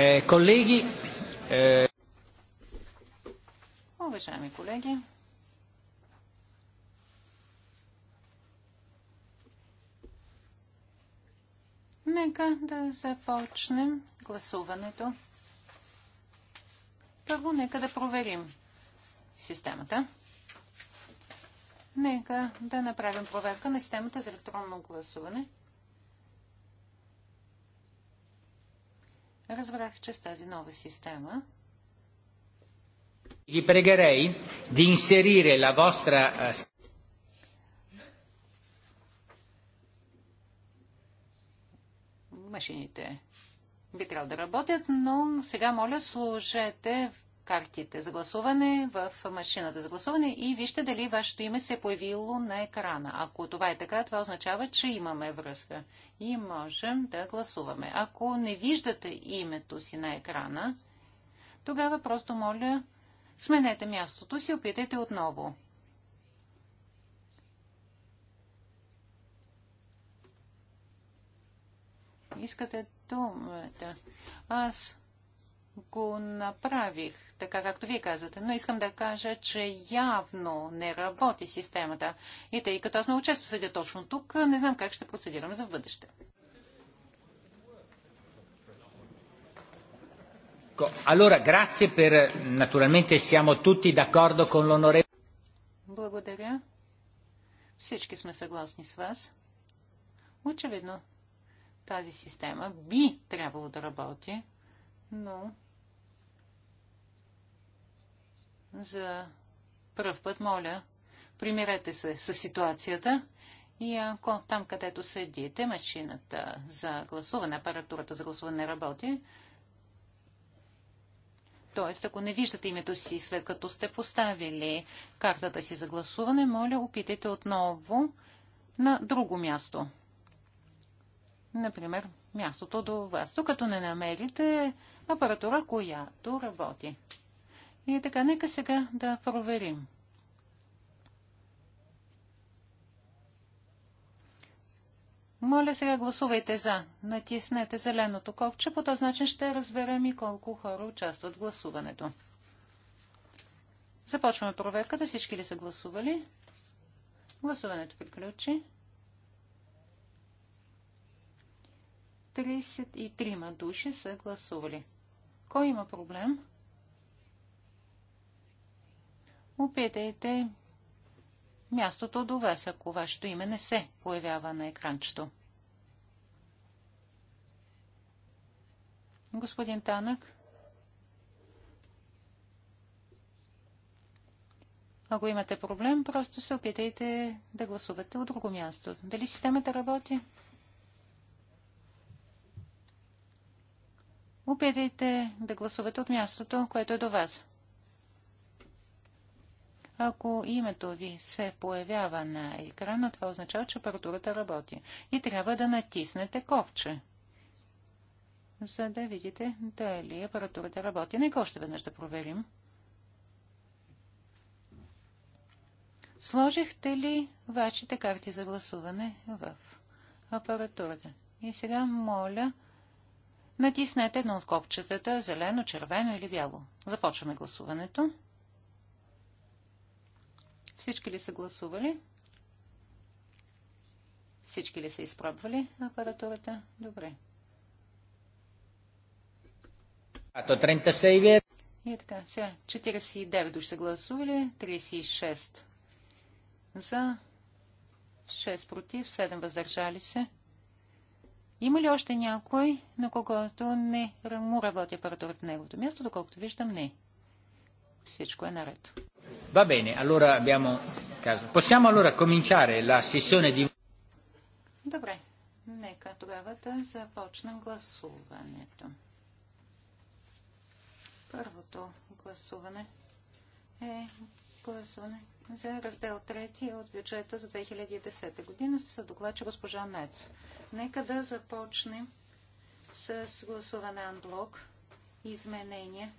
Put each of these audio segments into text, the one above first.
Е, колеги, е, Уважаеми колеги, нека да започнем гласуването. Първо, нека да проверим системата. Нека да направим проверка на системата за електронно гласуване. разбрах, че с тази нова система Vi pregherei di inserire la vostra... Машините би трябвало да работят, но сега моля служете в картите за гласуване в машината за гласуване и вижте дали вашето име се е появило на екрана. Ако това е така, това означава, че имаме връзка и можем да гласуваме. Ако не виждате името си на екрана, тогава просто моля, сменете мястото си, опитайте отново. Искате думата. Аз го направих, така както вие казвате, но искам да кажа, че явно не работи системата. И тъй като аз много често седя точно тук, не знам как ще процедирам за бъдеще. Allora, grazie per... Naturalmente siamo tutti d'accordo con l'onorevole. Благодаря. Всички сме съгласни с вас. Очевидно, тази система би трябвало да работи, но за пръв път, моля, примирете се с ситуацията и ако там, където седите, машината за гласуване, апаратурата за гласуване не работи, т.е. ако не виждате името си след като сте поставили картата си за гласуване, моля, опитайте отново на друго място. Например, мястото до вас, като не намерите апаратура, която работи. И така, нека сега да проверим. Моля сега гласувайте за. Натиснете зеленото копче. По този начин ще разберем и колко хора участват в гласуването. Започваме проверката. Всички ли са гласували? Гласуването приключи. 33 души са гласували. Кой има проблем? опитайте мястото до вас, ако вашето име не се появява на екранчето. Господин Танък, ако имате проблем, просто се опитайте да гласувате от друго място. Дали системата работи? Опитайте да гласувате от мястото, което е до вас. Ако името ви се появява на екрана, това означава, че апаратурата работи. И трябва да натиснете ковче, за да видите дали апаратурата работи. Нека още веднъж да проверим. Сложихте ли вашите карти за гласуване в апаратурата? И сега моля, натиснете едно от копчетата, зелено, червено или бяло. Започваме гласуването. Всички ли са гласували? Всички ли са изпробвали апаратурата? Добре. И така, сега 49 души са гласували, 36 за, 6 против, 7 въздържали се. Има ли още някой, на когото не му работи апаратурата на неговото място? Доколкото виждам, не всичко е наред. Va bene, allora abbiamo caso. Possiamo allora cominciare la sessione di... Добре, нека тогава да започнем гласуването. Първото гласуване е гласуване за раздел 3 от бюджета за 2010 година с докладче госпожа Нец. Нека да започнем с гласуване анблок, изменения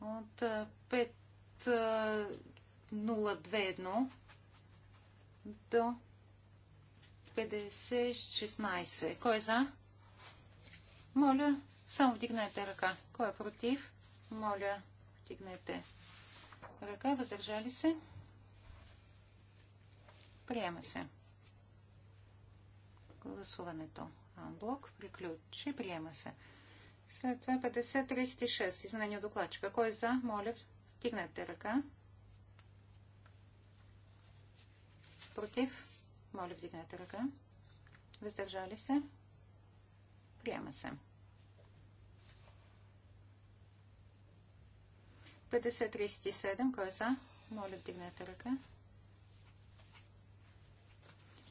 от 5021 до 5016. Кой е за? Моля, само вдигнете ръка. Кой е против? Моля, вдигнете ръка. Въздържали се? Приема се. Гласуването анблок приключи. Приема се. След това 50-36. Е Изменение докладчика. Кой е за? Моля, втигнете ръка. Против? Моля, вдигнете ръка. Въздържали се? Приема се. 50-37. Кой е за? Моля, вдигнете ръка.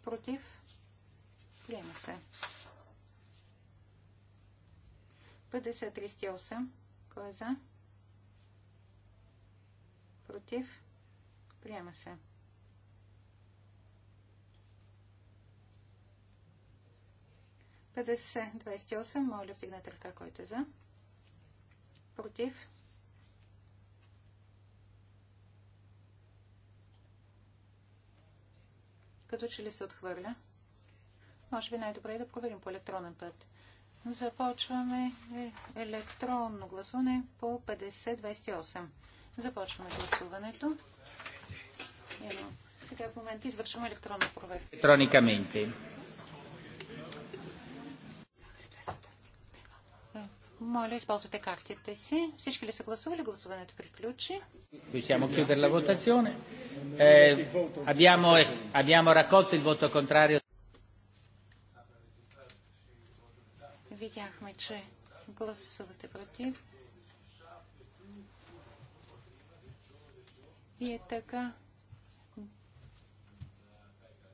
Против? Приема се. 50-38. Кой е за? Против? Приема се. ПДС 28. Моля, вдигнете ръка, който е за. Против? Като че ли се отхвърля? Може би най-добре е да проверим по електронен път. Започваме електронно гласуване по 5028. Започваме гласуването. Ено. Сега в момента извършваме електронна проверка. Електроникаменте. Моля, използвате картите си. Всички ли са гласували? Гласуването приключи. Possiamo chiudere la votazione. Eh, abbiamo, abbiamo raccolto il voto contrario. Видяхме, че гласувате против. И е така.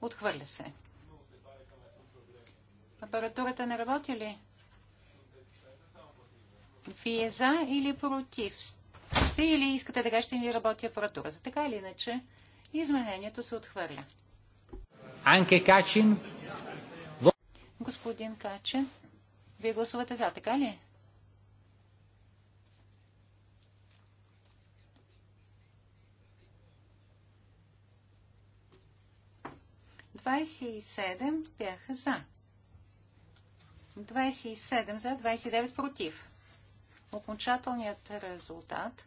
Отхвърля се. Апаратурата не работи ли? Вие за или против сте или искате да кажете ви работи апаратурата? Така или иначе, изменението се отхвърля. Анке Качин. Господин Качин. Вие гласувате за, така ли? Двадесет и седем бяха за. 27 за, 29 против. Окончателният резултат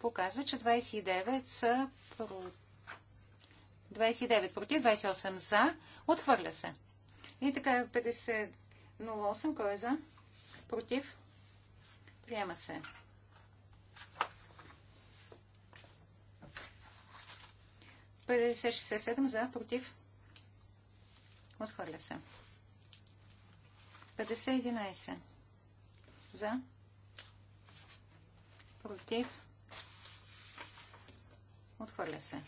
показва, че 29 са против 29 против, 28 за. Отхвърля се. И така 50.08. Кой е за? Против. Приема се. седем за, против. Отхвърля се. 5011. 11 за, против. Отхвърля се.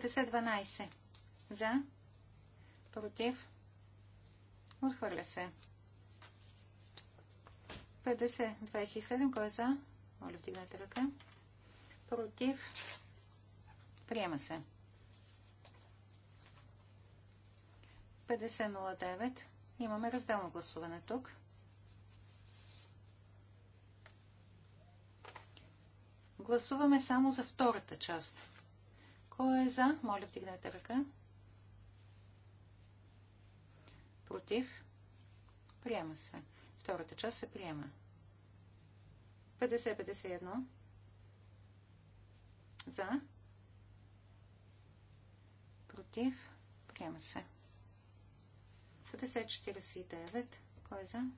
5012. За. Против. Отхвърля се. 50, 27. Кой е за? Моля, вдигнете ръка. Против. Приема се. 5009. Имаме разделно гласуване тук. Гласуваме само за втората част. Кой е за? Моля, вдигнете ръка. Против? Приема се. Втората част се приема. 50-51. За. Против? Приема се. 50-49. Кой е за?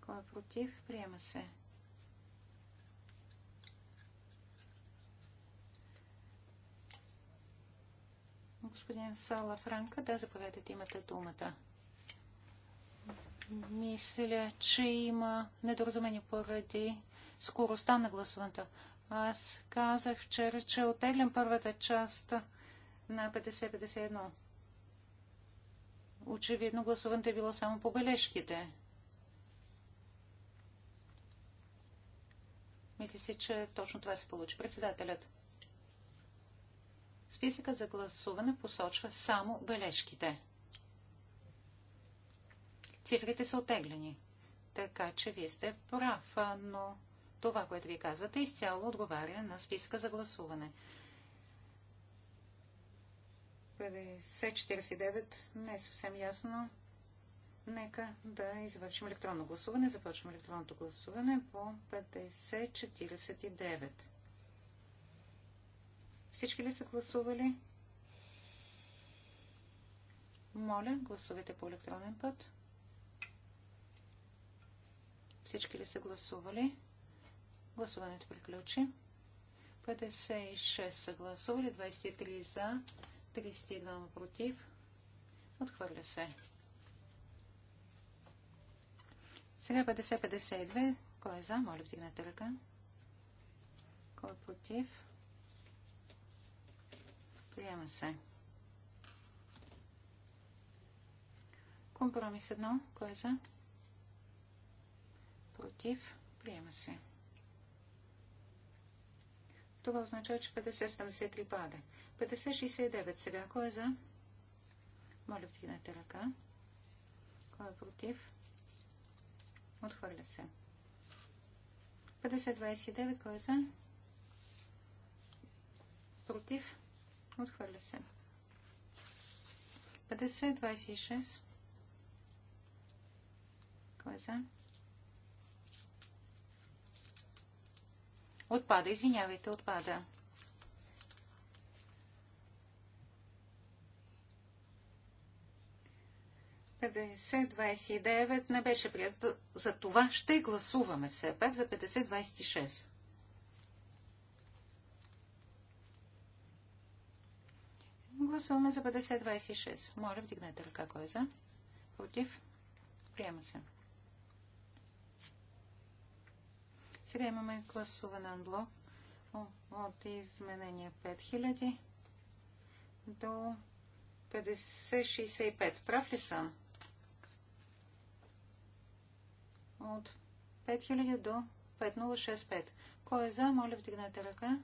Кой е против? Приема се. 51-49. господин Сала Франка. Да, заповядайте, имате думата. Мисля, че има недоразумение поради скоростта на гласуването. Аз казах вчера, че отеглям първата част на 50-51. Очевидно гласуването е било само по бележките. Мисля си, че точно това се получи. Председателят. Списъкът за гласуване посочва само бележките. Цифрите са отеглени. Така че вие сте прав, но това, което ви казвате, изцяло отговаря на списъка за гласуване. 5049 не е съвсем ясно. Нека да извършим електронно гласуване. Започваме електронното гласуване по 5049. Всички ли са гласували? Моля, гласувайте по електронен път. Всички ли са гласували? Гласуването приключи. 56 са гласували, 23 за, 32 против. Отхвърля се. Сега 50-52. Кой е за? Моля, вдигнете ръка. Кой е против? Приема се. Компромис 1. Кой е за? Против. Приема се. Това означава, че 50-73 пада. 50-69 сега. Кой е за? Моля, вдигнете ръка. Кой е против? Отхвърля се. 50-29. Кой е за? Против. Отхвърля се. 50-26. Кой е за? Отпада, извинявайте, отпада. Петдесет 29 не беше приятел. За това ще гласуваме все пак за 50-26. Гласуваме за 5026. Моля, вдигнете ръка. Кой е за? Против? Приема се. Сега имаме гласуване на блок от изменения 5000 до 5065. Прав ли съм? От 5000 до 5065. Кой е за? Моля, вдигнете ръка.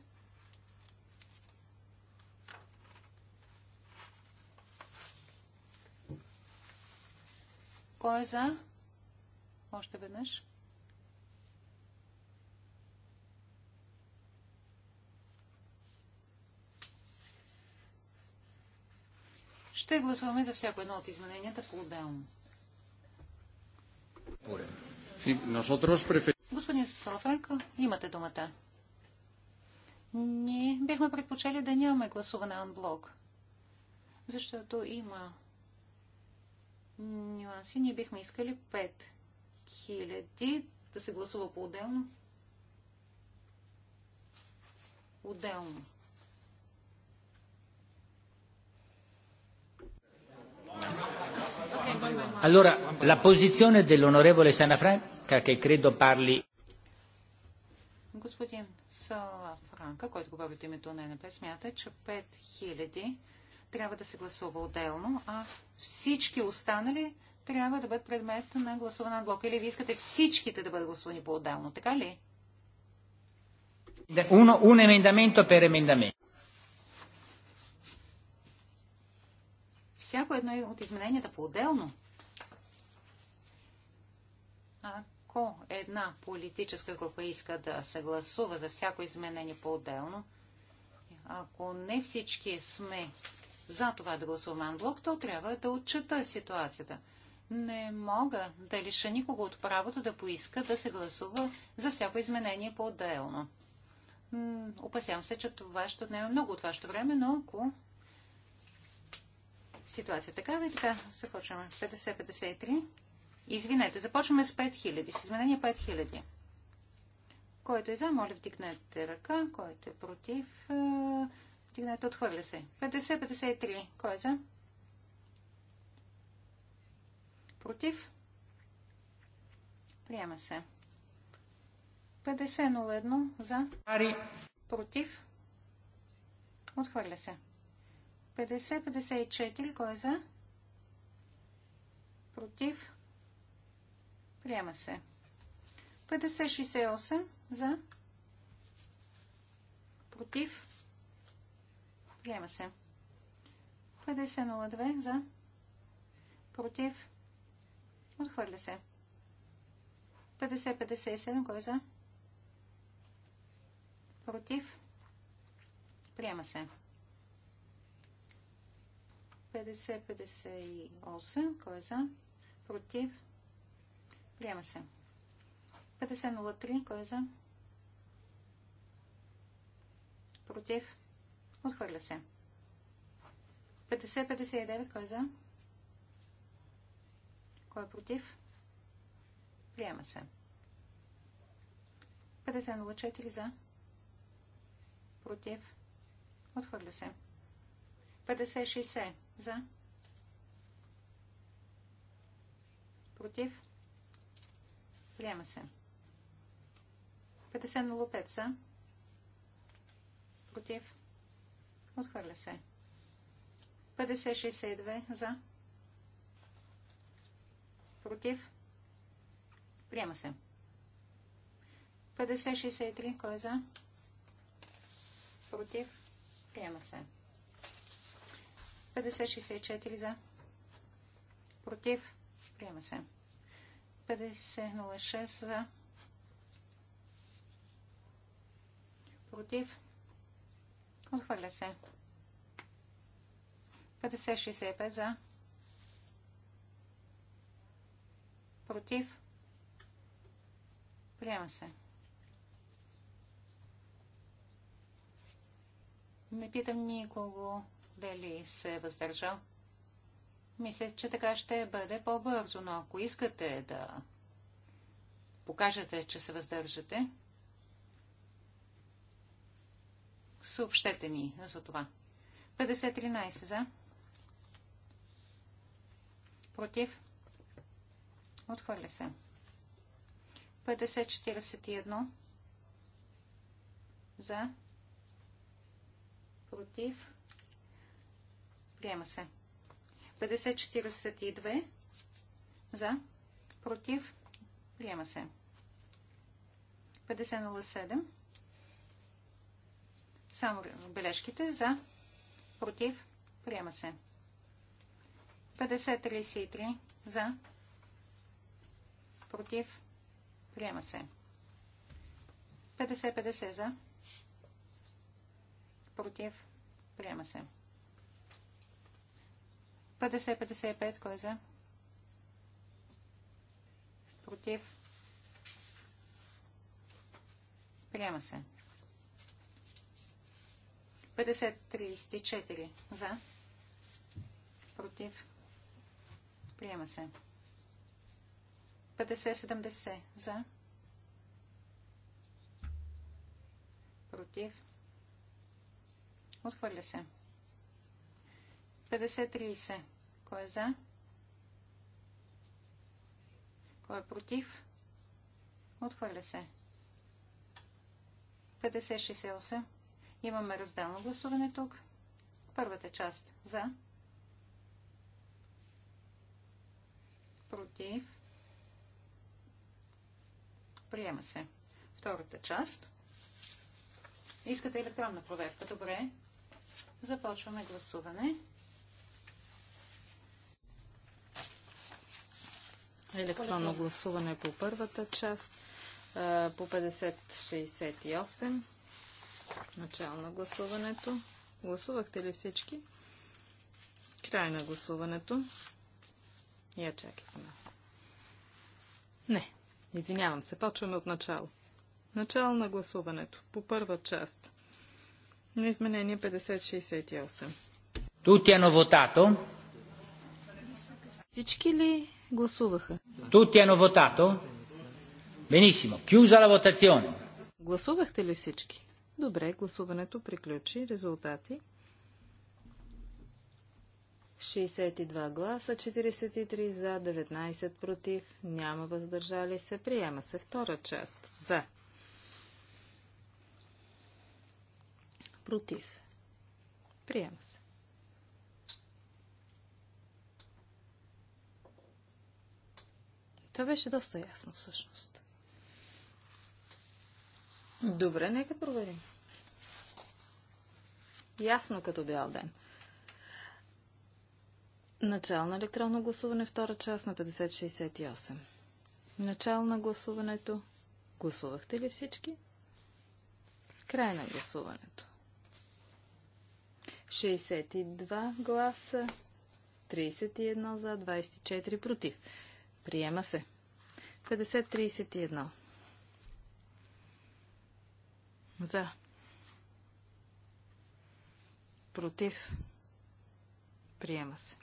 Кой е за? Още веднъж. Ще гласуваме за всяко едно от измененията по-отделно. Господин Салафранко, имате думата. Ние бихме предпочели да нямаме гласуване анблок, защото има нюанси. Ние бихме искали 5000 да се гласува по-отделно. Отделно. Allora, la posizione dell'onorevole Sanafranca, che credo parli... Господин Салафранка, който говори от името на НП, смята, че 5000 трябва да се гласува отделно, а всички останали трябва да бъдат предмет на гласуване на блок. Или ви искате всичките да бъдат гласувани по-отделно, така ли? Uno, un emendamento per emendamento. Всяко едно от измененията по-отделно. Ако една политическа група иска да се гласува за всяко изменение по-отделно, ако не всички сме за това да гласувам анблок, то трябва да отчета ситуацията. Не мога да лиша никого от правото да поиска да се гласува за всяко изменение по-отделно. Опасявам се, че това ще отнеме много от вашето време, но ако ситуация е такава и така, започваме. 50-53. Извинете, започваме с 5000, с изменение 5000. Който е за, моля вдигнете ръка, който е против, е, Тигнете, отхвърля се. 50-53. Кой е за? Против? Приема се. 50-01 за. Ари. Против? Отхвърля се. 50-54. Кой е за? Против? Приема се. 50-68 за. Против? Приема се. 50.02 за. Против. Отхвърля се. 50.57 кой за? Против. Приема се. 50-58. Кой е за? Против. Приема се. 50-03. Кой е за? Против. Отхвърля се. 50-59, кой е за? Кой е против? Приема се. 50-04 за. Против. Отхвърля се. 50-60 за. Против. Приема се. 50-05 за. Против. Отхвърля се. 50-62 за. Против. Приема се. 50-63. Кой е за? Против. Приема се. 50-64 за. Против. Приема се. 50-06 за. Против. Отхвърля се. 50-65 за. Против. Приема се. Не питам никого дали се е въздържал. Мисля, че така ще бъде по-бързо, но ако искате да покажете, че се въздържате, Съобщете ми за това. 50-13 за. Против. Отхвърля се. 50-41 за. Против. Приема се. 50-42 за. Против. Приема се. 50 само бележките за, против, приема се. 50-33 за, против, приема се. 50-50 за, против, приема се. 50-55 кой е за? Против, приема се. 50-55 50-34 за. Против. Приема се. 50-70 за. Против. Отхвърля се. 50-30. Кой е за? Кой е против? Отхвърля се. 50-68. Имаме разделно гласуване тук. Първата част за. Против. Приема се. Втората част. Искате електронна проверка. Добре. Започваме гласуване. Електронно гласуване по първата част по 5068. Начало на гласуването. Гласувахте ли всички? Край на гласуването. Я чакайте малко. Не, извинявам се, почваме от начало. Начало на гласуването. По първа част. На изменение 5068. Тут е новотато. Всички ли гласуваха? Тут е новотато. Бенисимо. Кюза la Гласувахте ли всички? Добре, гласуването приключи. Резултати. 62 гласа, 43 за, 19 против, няма въздържали се. Приема се втора част. За. Против. Приема се. Това беше доста ясно всъщност. Добре, нека проверим. Ясно като бял ден. Начало на електронно гласуване, втора част на 5068. Начало на гласуването. Гласувахте ли всички? Край на гласуването. 62 гласа, 31 за, 24 против. Приема се. 50-31. За. Против. Приема се.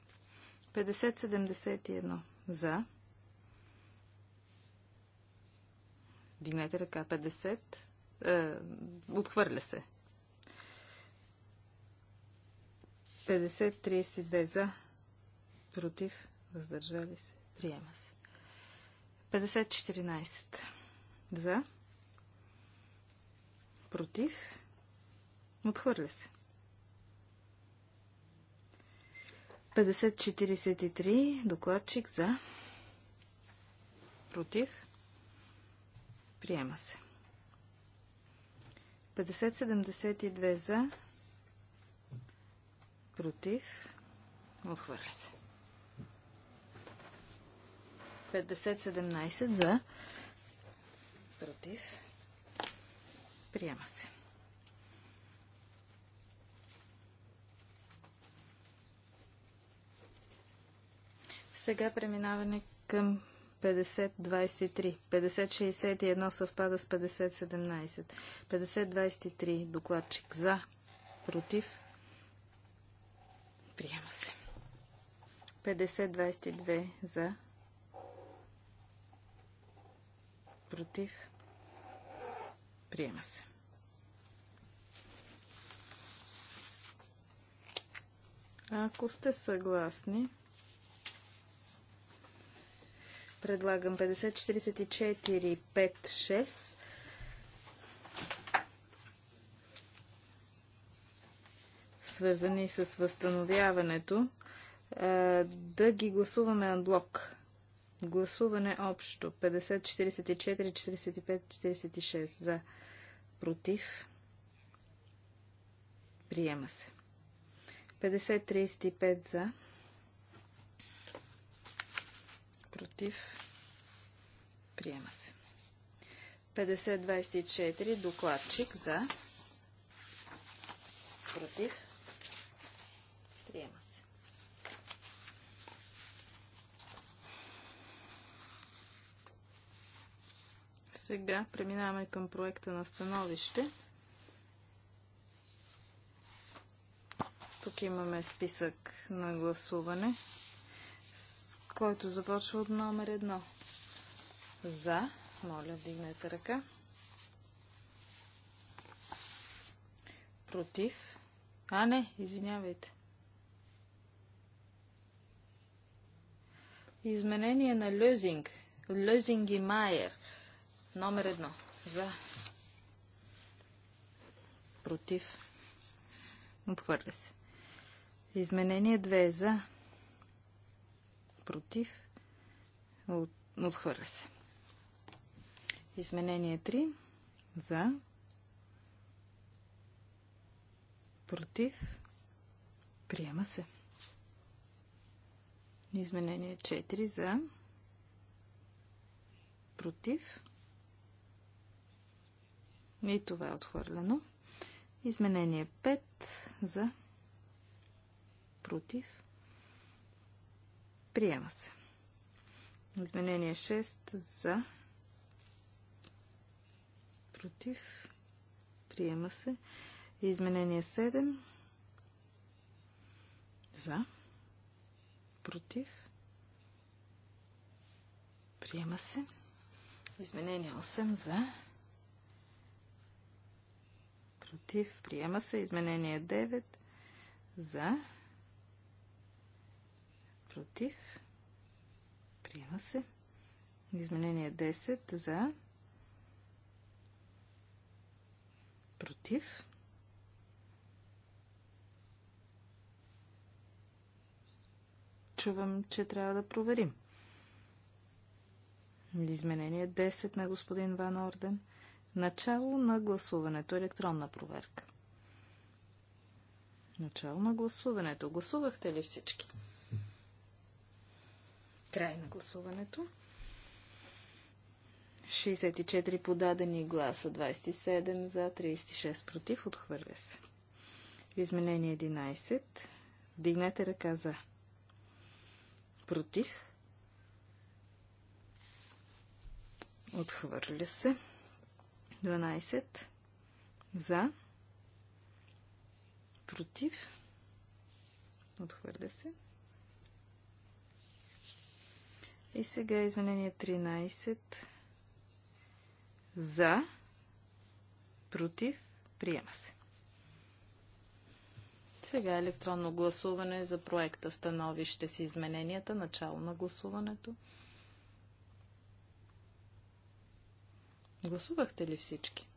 50-71. За. Дигнете ръка. 50. Е, отхвърля се. 50-32 за. Против. Въздържали се. Приема се. 50-14 за. Против. Отхвърля се. 5043. Докладчик за. Против. Приема се. 5072 за. Против. Отхвърля се. 5017 за. Против. Приема се. Сега преминаване към 50-23. 50-61 съвпада с 50-17. 50-23. Докладчик за. Против. Приема се. 50-22 за. Против. Приема се. Ако сте съгласни, предлагам 50-44-5-6. свързани с възстановяването, да ги гласуваме анблок. Гласуване общо. 50, 44, 45, 46 за против, приема се. 50-35 за, против, приема се. 50-24 докладчик за, против, 50-25. Сега преминаваме към проекта на становище. Тук имаме списък на гласуване, с който започва от номер едно. За. Моля, вдигнете ръка. Против. А, не, извинявайте. Изменение на Лозинг. Лозинг и Майер. Номер едно. За. Против. Отхвърля се. Изменение 2 е за. Против. Отхвърля се. Изменение 3 за. Против. Приема се. Изменение 4 за. Против. И това е отхвърлено. Изменение 5 за против. Приема се. Изменение 6 за против. Приема се. Изменение 7 за против. Приема се. Изменение 8 за против, приема се. Изменение 9 за, против, приема се. Изменение 10 за, против. Чувам, че трябва да проверим. Изменение 10 на господин Ван Орден – Начало на гласуването. Електронна проверка. Начало на гласуването. Гласувахте ли всички? Край на гласуването. 64 подадени гласа, 27 за, 36 против, отхвърля се. Изменение 11. Дигнете ръка за. Против. Отхвърля се. 12 за, против, отхвърля се. И сега изменение 13 за, против, приема се. Сега електронно гласуване за проекта становище с измененията, начало на гласуването. Гласувахте ли всички?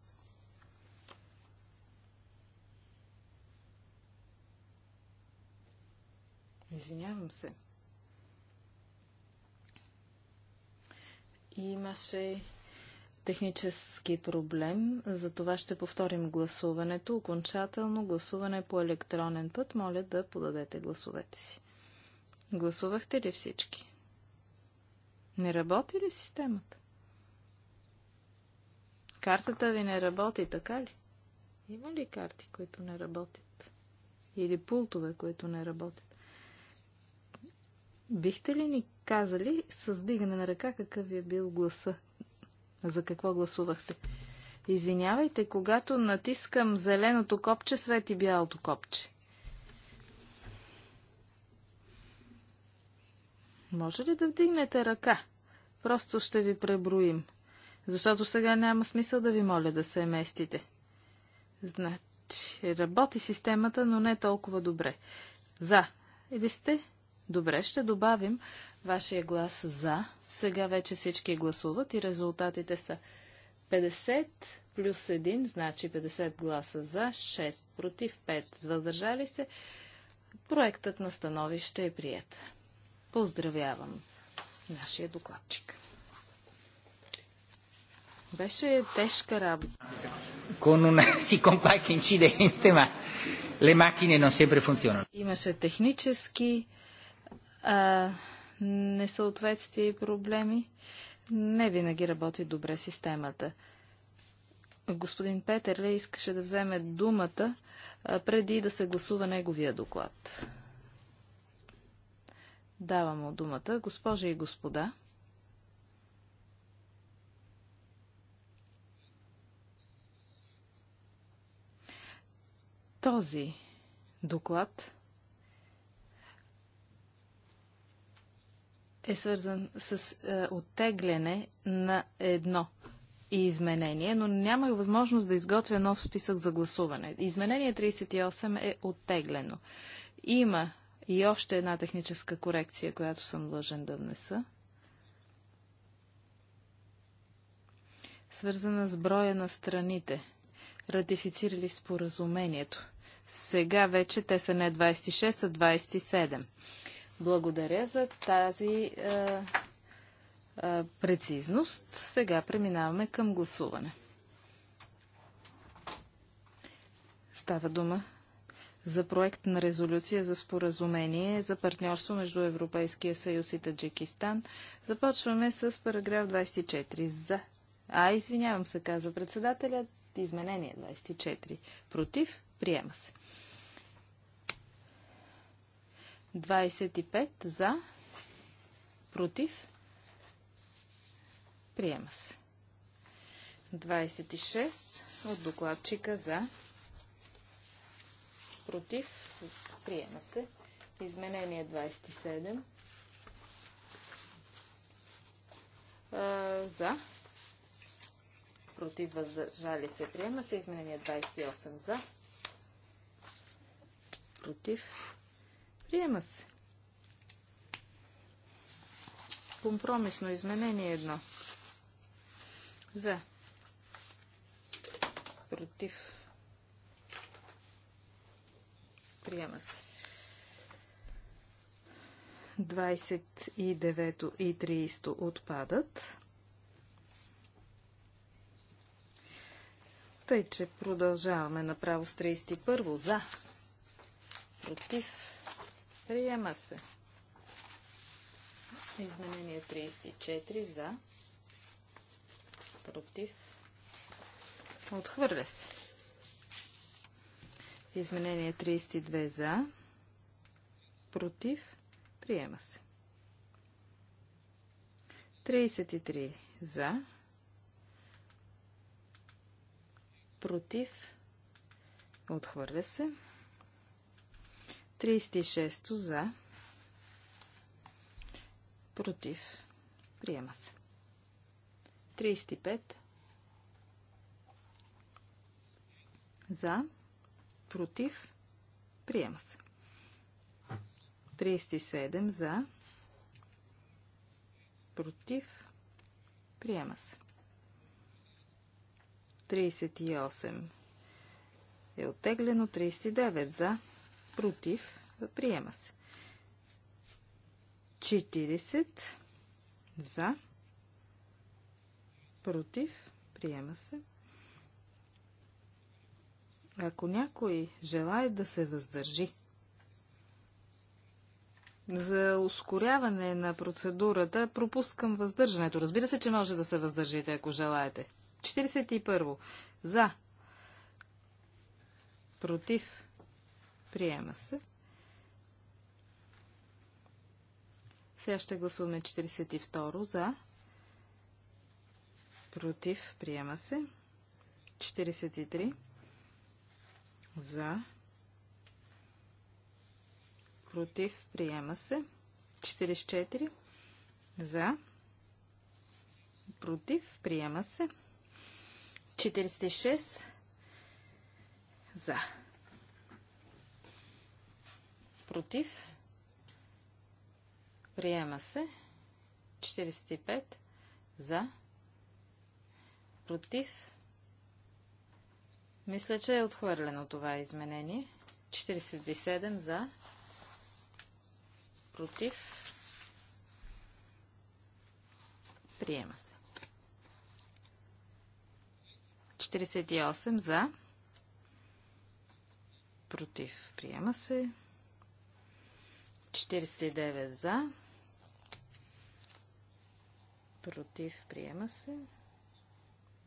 Извинявам се. Имаше технически проблем, за това ще повторим гласуването. Окончателно гласуване по електронен път. Моля да подадете гласовете си. Гласувахте ли всички? Не работи ли системата? Картата ви не работи, така ли? Има ли карти, които не работят? Или пултове, които не работят? Бихте ли ни казали с дигане на ръка какъв е бил гласа? За какво гласувахте? Извинявайте, когато натискам зеленото копче, свети бялото копче. Може ли да вдигнете ръка? Просто ще ви преброим. Защото сега няма смисъл да ви моля да се местите. Значи, работи системата, но не толкова добре. За. Или сте? Добре, ще добавим вашия глас за. Сега вече всички гласуват и резултатите са 50 плюс 1, значи 50 гласа за, 6 против, 5 въздържали се. Проектът на становище е прият. Поздравявам нашия докладчик. Беше тежка работа. Con un, sì, con qualche incidente, ma le macchine non sempre funzionano. Имаше технически а, несъответствия и проблеми. Не винаги работи добре системата. Господин Петерле искаше да вземе думата а, преди да се гласува неговия доклад. Давам му думата. Госпожи и господа, Този доклад е свързан с е, оттегляне на едно изменение, но нямах възможност да изготвя нов списък за гласуване. Изменение 38 е оттеглено. Има и още една техническа корекция, която съм длъжен да внеса. Свързана с броя на страните, ратифицирали споразумението. Сега вече те са не 26, а 27. Благодаря за тази е, е, прецизност. Сега преминаваме към гласуване. Става дума за проект на резолюция за споразумение за партньорство между Европейския съюз и Таджикистан. Започваме с параграф 24. За. А, извинявам се, казва председателят. Изменение 24. Против. Приема се. 25 за. Против. Приема се. 26 от докладчика за. Против. Приема се. Изменение 27. за. Против въздържали се. Приема се. Изменение 28 за против, приема се. Компромисно изменение едно. За. Против. Приема се. 29 и 30 отпадат. Тъй, че продължаваме направо с 31 за против, приема се. Изменение 34 за, против, отхвърля се. Изменение 32 за, против, приема се. 33 за, против, отхвърля се. 36 за. Против. Приема се. 35 за. Против. Приема се. 37 за. Против. Приема се. 38 е оттеглено. 39 за против, приема се. 40 за, против, приема се. Ако някой желая да се въздържи за ускоряване на процедурата, пропускам въздържането. Разбира се, че може да се въздържите, ако желаете. 41. За. Против. Приема се. Сега ще гласуваме 42 за. Против. Приема се. 43 за. Против. Приема се. 44 за. Против. Приема се. 46 за. Против. Приема се. 45. За. Против. Мисля, че е отхвърлено това изменение. 47 за. Против. Приема се. 48 за. Против. Приема се. 49 за. Против. Приема се.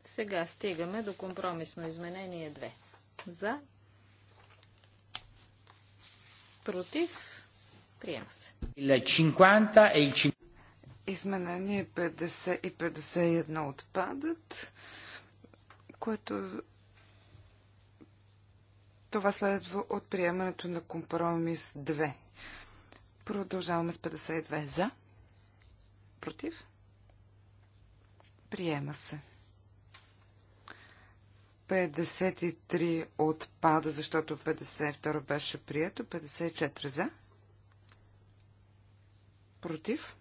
Сега стигаме до компромисно изменение 2. За. Против. Приема се. 50 и Изменение 50 и 51 отпадат, което е- това следва от приемането на компромис 2. Продължаваме с 52 за. Против. Приема се. 53 отпада, защото 52 беше прието. 54 за. Против.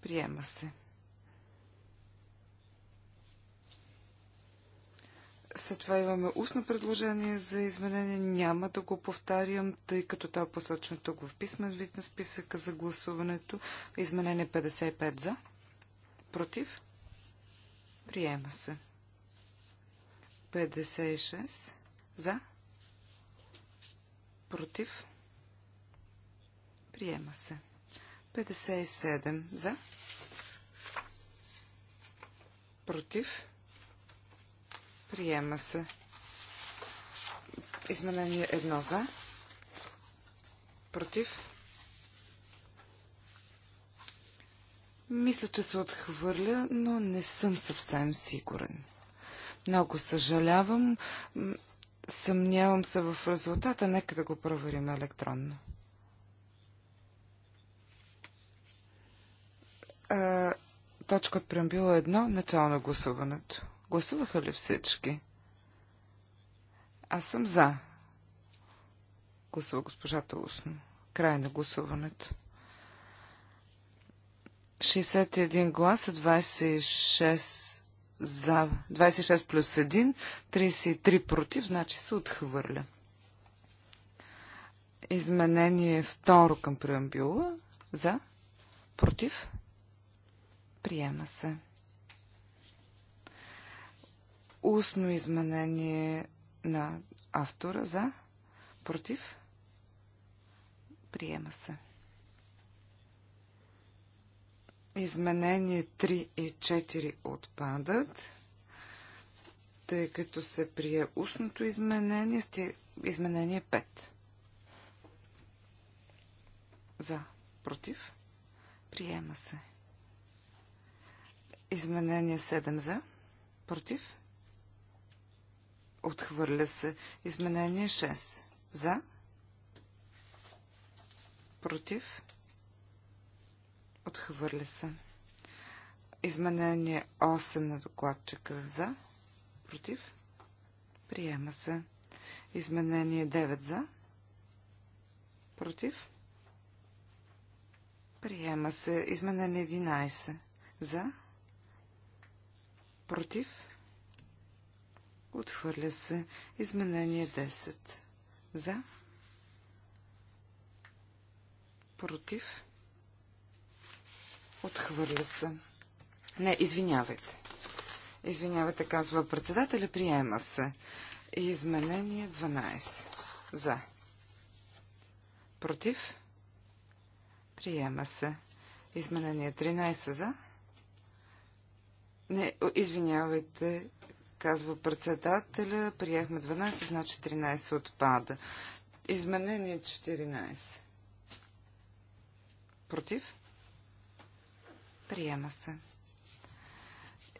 Приема се. След това имаме устно предложение за изменение. Няма да го повтарям, тъй като то е посочено тук в писмен вид на списъка за гласуването. Изменение 55 за. Против. Приема се. 56 за. Против. Приема се. 57 за. Против. Приема се. Изменение едно за. Против. Мисля, че се отхвърля, но не съм съвсем сигурен. Много съжалявам. Съмнявам се в резултата. Нека да го проверим електронно. Е, точка от преамбила 1. Начало на гласуването. Гласуваха ли всички? Аз съм за. Гласува госпожата усно. Край на гласуването. 61 гласа, 26 за, 26 плюс 1, 33 против, значи се отхвърля. Изменение второ към преамбюла. За, против, приема се. Устно изменение на автора за, против, приема се. Изменение 3 и 4 отпадат, тъй като се прие устното изменение, изменение 5. За, против, приема се. Изменение 7 за, против, Отхвърля се. Изменение 6. За. Против. Отхвърля се. Изменение 8 на докладчика. За. Против. Приема се. Изменение 9 за. Против. Приема се. Изменение 11 за. Против. Отхвърля се. Изменение 10. За. Против. Отхвърля се. Не, извинявайте. Извинявайте, казва председателя, приема се. Изменение 12. За. Против. Приема се. Изменение 13 за. Не, извинявайте, казва председателя. Приехме 12, значи 13 отпада. Изменение 14. Против? Приема се.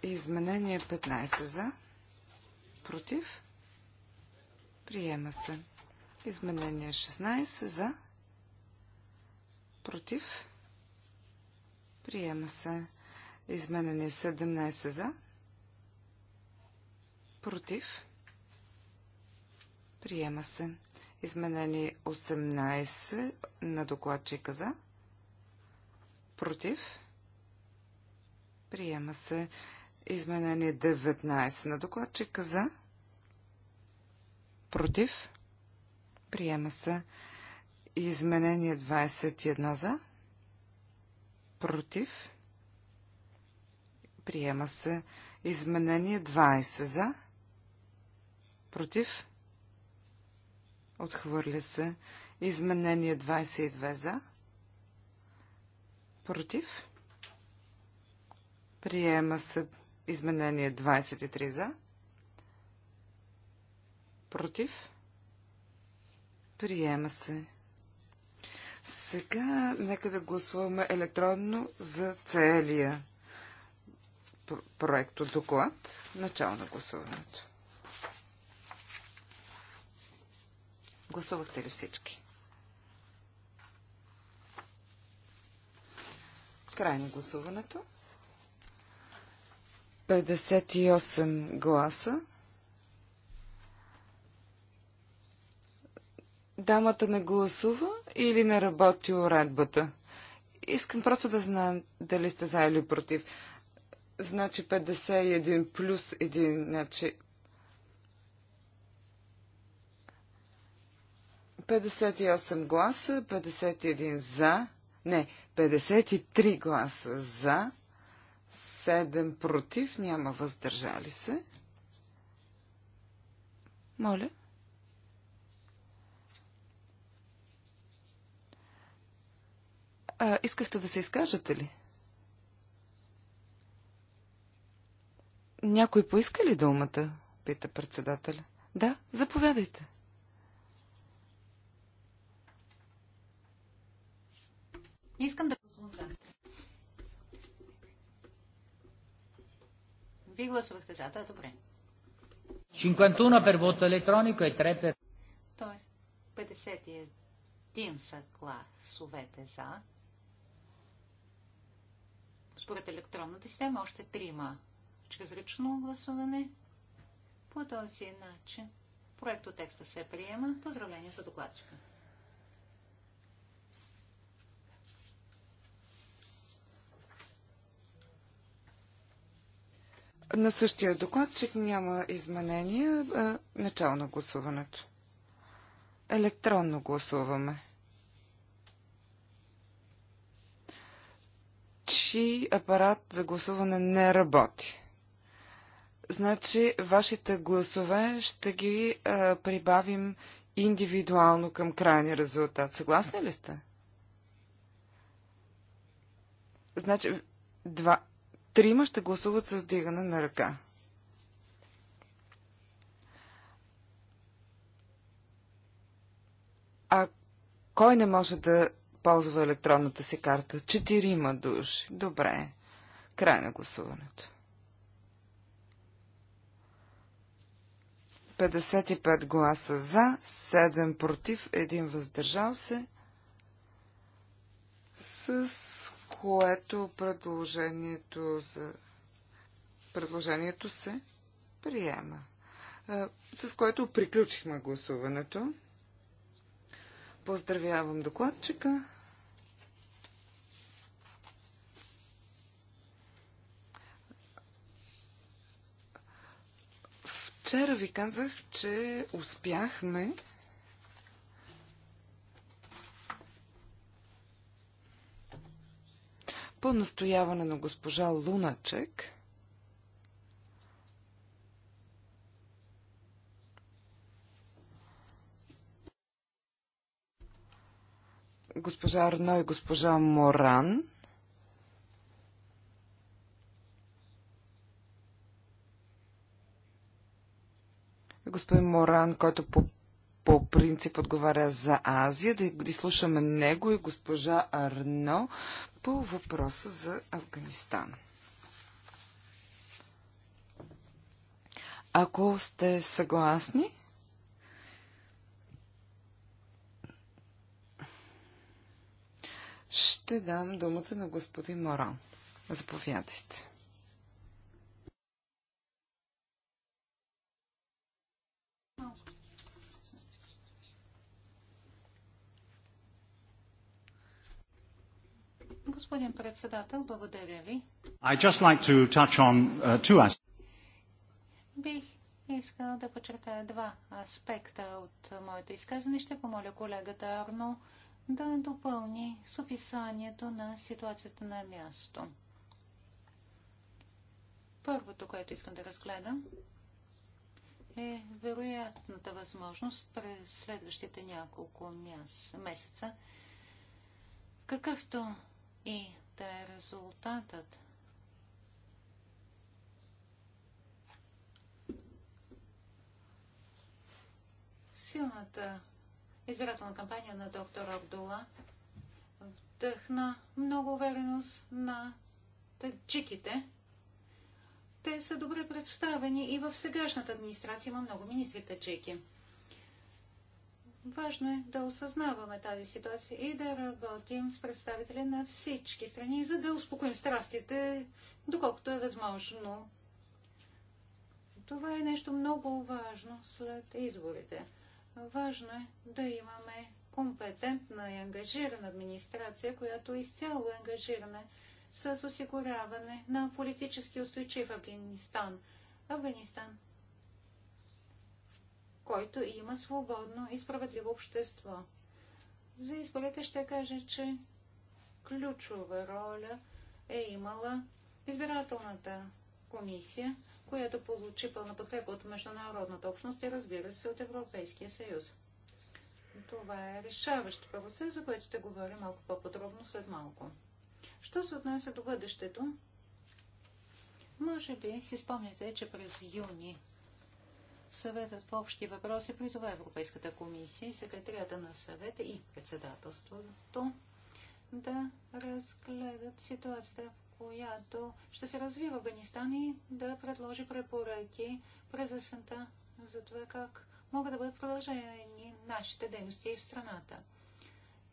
Изменение 15 за. Против? Приема се. Изменение 16 за. Против? Приема се. Изменение 17 за. Против. Приема се. Изменение 18 на докладчика за. Против. Приема се. Изменение 19 на докладчика за. Против. Приема се. Изменение 21 за. Против. Приема се. Изменение 20 за. Против. Отхвърля се. Изменение 22 за. Против. Приема се изменение 23 за. Против. Приема се. Сега нека да гласуваме електронно за целия проекто доклад. Начало на гласуването. Гласувахте ли всички? Край на гласуването. 58 гласа. Дамата не гласува или не работи уредбата? Искам просто да знаем дали сте за или против. Значи 51 плюс 1, значи 58 гласа, 51 за, не, 53 гласа за, 7 против, няма въздържали се. Моля. А, искахте да се изкажете ли? Някой поиска ли думата? Пита председателя. Да, заповядайте. Искам да гласувам за. Вие гласувахте за, да, добре. 51 per voto elettronico e 3 per... Тоест, 51 са гласовете за. Според електронната система още 3 чрез ръчно гласуване. По този начин текста се приема. Поздравления за докладчика. На същия докладчик няма изменения. Начало на гласуването. Електронно гласуваме. Чи апарат за гласуване не работи? Значи, вашите гласове ще ги а, прибавим индивидуално към крайния резултат. Съгласни ли сте? Значи, два, Трима ще гласуват с дигане на ръка. А кой не може да ползва електронната си карта? Четирима души. Добре. Край на гласуването. 55 гласа за, 7 против, 1 въздържал се. С което предложението за предложението се приема. С което приключихме гласуването. Поздравявам докладчика. Вчера ви казах, че успяхме по настояване на госпожа Луначек. Госпожа Арно и госпожа Моран. Господин Моран, който по по принцип отговаря за Азия, да изслушаме него и госпожа Арно по въпроса за Афганистан. Ако сте съгласни, ще дам думата на господин Моран. Заповядайте. Господин председател, благодаря ви. I just like to touch on uh, two aspects. Бих искал да подчертая два аспекта от моето изказване. Ще помоля колегата Арно да допълни с описанието на ситуацията на място. Първото, което искам да разгледам, е вероятната възможност през следващите няколко мяс... месеца, какъвто и да е резултатът силната избирателна кампания на доктор Абдула вдъхна много увереност на таджиките. Те са добре представени и в сегашната администрация има много министри таджики. Важно е да осъзнаваме тази ситуация и да работим с представители на всички страни, за да успокоим страстите, доколкото е възможно. Това е нещо много важно след изборите. Важно е да имаме компетентна и ангажирана администрация, която е изцяло е ангажирана с осигуряване на политически устойчив Афганистан. Афганистан който има свободно и справедливо общество. За изборите ще кажа, че ключова роля е имала избирателната комисия, която получи пълна подкрепа от международната общност и разбира се от Европейския съюз. Това е решаващ процес, за който ще говоря малко по-подробно след малко. Що се отнася до бъдещето? Може би си спомняте, че през юни Съветът по общи въпроси призова Европейската комисия и секретарията на съвета и председателството да разгледат ситуацията, която ще се разви в Афганистан и да предложи препоръки през есента за това как могат да бъдат продължени нашите дейности в страната.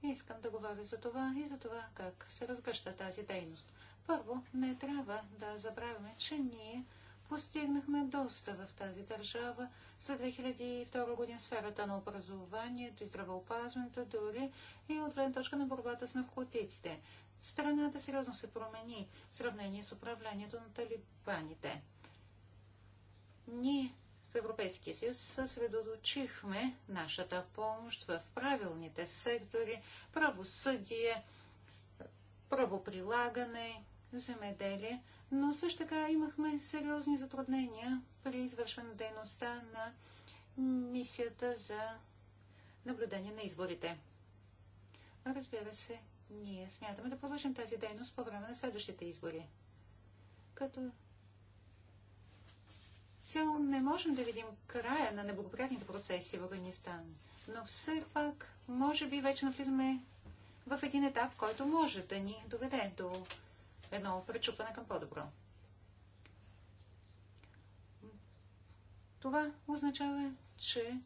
Искам да говоря за това и за това как се разгръща тази дейност. Първо, не трябва да забравяме, че ние Постигнахме доста в тази държава за 2002 година сферата на образованието и здравеопазването, дори и от гледна точка на борбата с наркотиците. Страната сериозно се промени в сравнение с управлението на талибаните. Ние в Европейския съюз съсредоточихме нашата помощ в правилните сектори правосъдие, правоприлагане, земеделие – но също така имахме сериозни затруднения при извършване на дейността на мисията за наблюдение на изборите. Разбира се, ние смятаме да продължим тази дейност по време на следващите избори. Като цяло не можем да видим края на неблагоприятните процеси в Афганистан, но все пак, може би вече навлизаме в един етап, който може да ни доведе до едно пречупване към по-добро. Това означава, че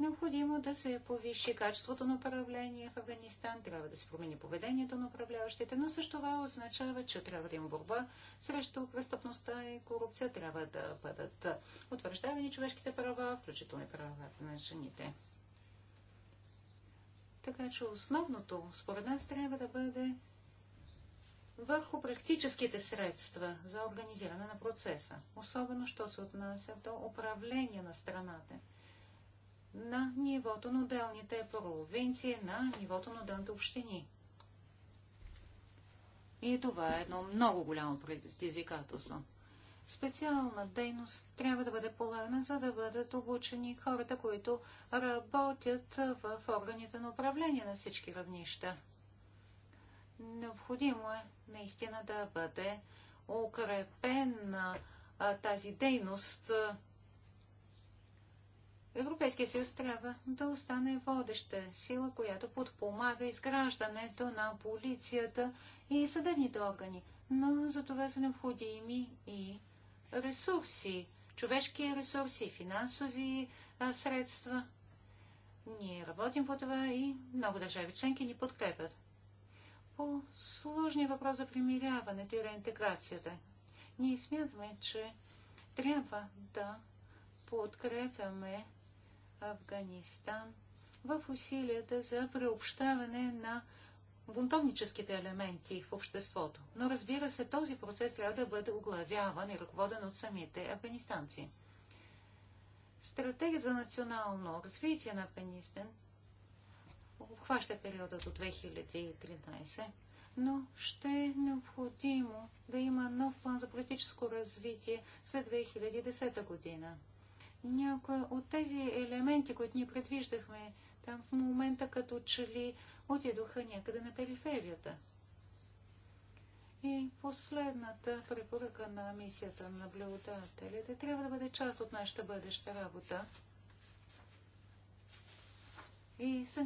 необходимо да се повиши качеството на управление в Афганистан, трябва да се промени поведението на управляващите, но също това означава, че трябва да има борба срещу престъпността и корупция, трябва да бъдат утвърждавани човешките права, включително и правата на жените. Така че основното, според нас, трябва да бъде върху практическите средства за организиране на процеса, особено що се отнася до управление на страната на нивото на отделните провинции, на нивото на отделните общини. И това е едно много голямо предизвикателство. Специална дейност трябва да бъде полагана, за да бъдат обучени хората, които работят в органите на управление на всички равнища. Необходимо е наистина да бъде укрепена тази дейност. Европейския съюз трябва да остане водеща сила, която подпомага изграждането на полицията и съдебните органи. Но за това са необходими и ресурси, човешки ресурси, финансови средства. Ние работим по това и много държави членки ни подкрепят. По сложния въпрос за примиряването и реинтеграцията, ние смятаме, че трябва да подкрепяме Афганистан в усилията за преобщаване на бунтовническите елементи в обществото. Но разбира се, този процес трябва да бъде оглавяван и ръководен от самите афганистанци. Стратегия за национално развитие на Афганистан обхваща периода до 2013, но ще е необходимо да има нов план за политическо развитие след 2010 година. Някои от тези елементи, които ние предвиждахме там в момента, като че ли отидоха някъде на периферията. И последната препоръка на мисията на наблюдателите трябва да бъде част от нашата бъдеща работа. И се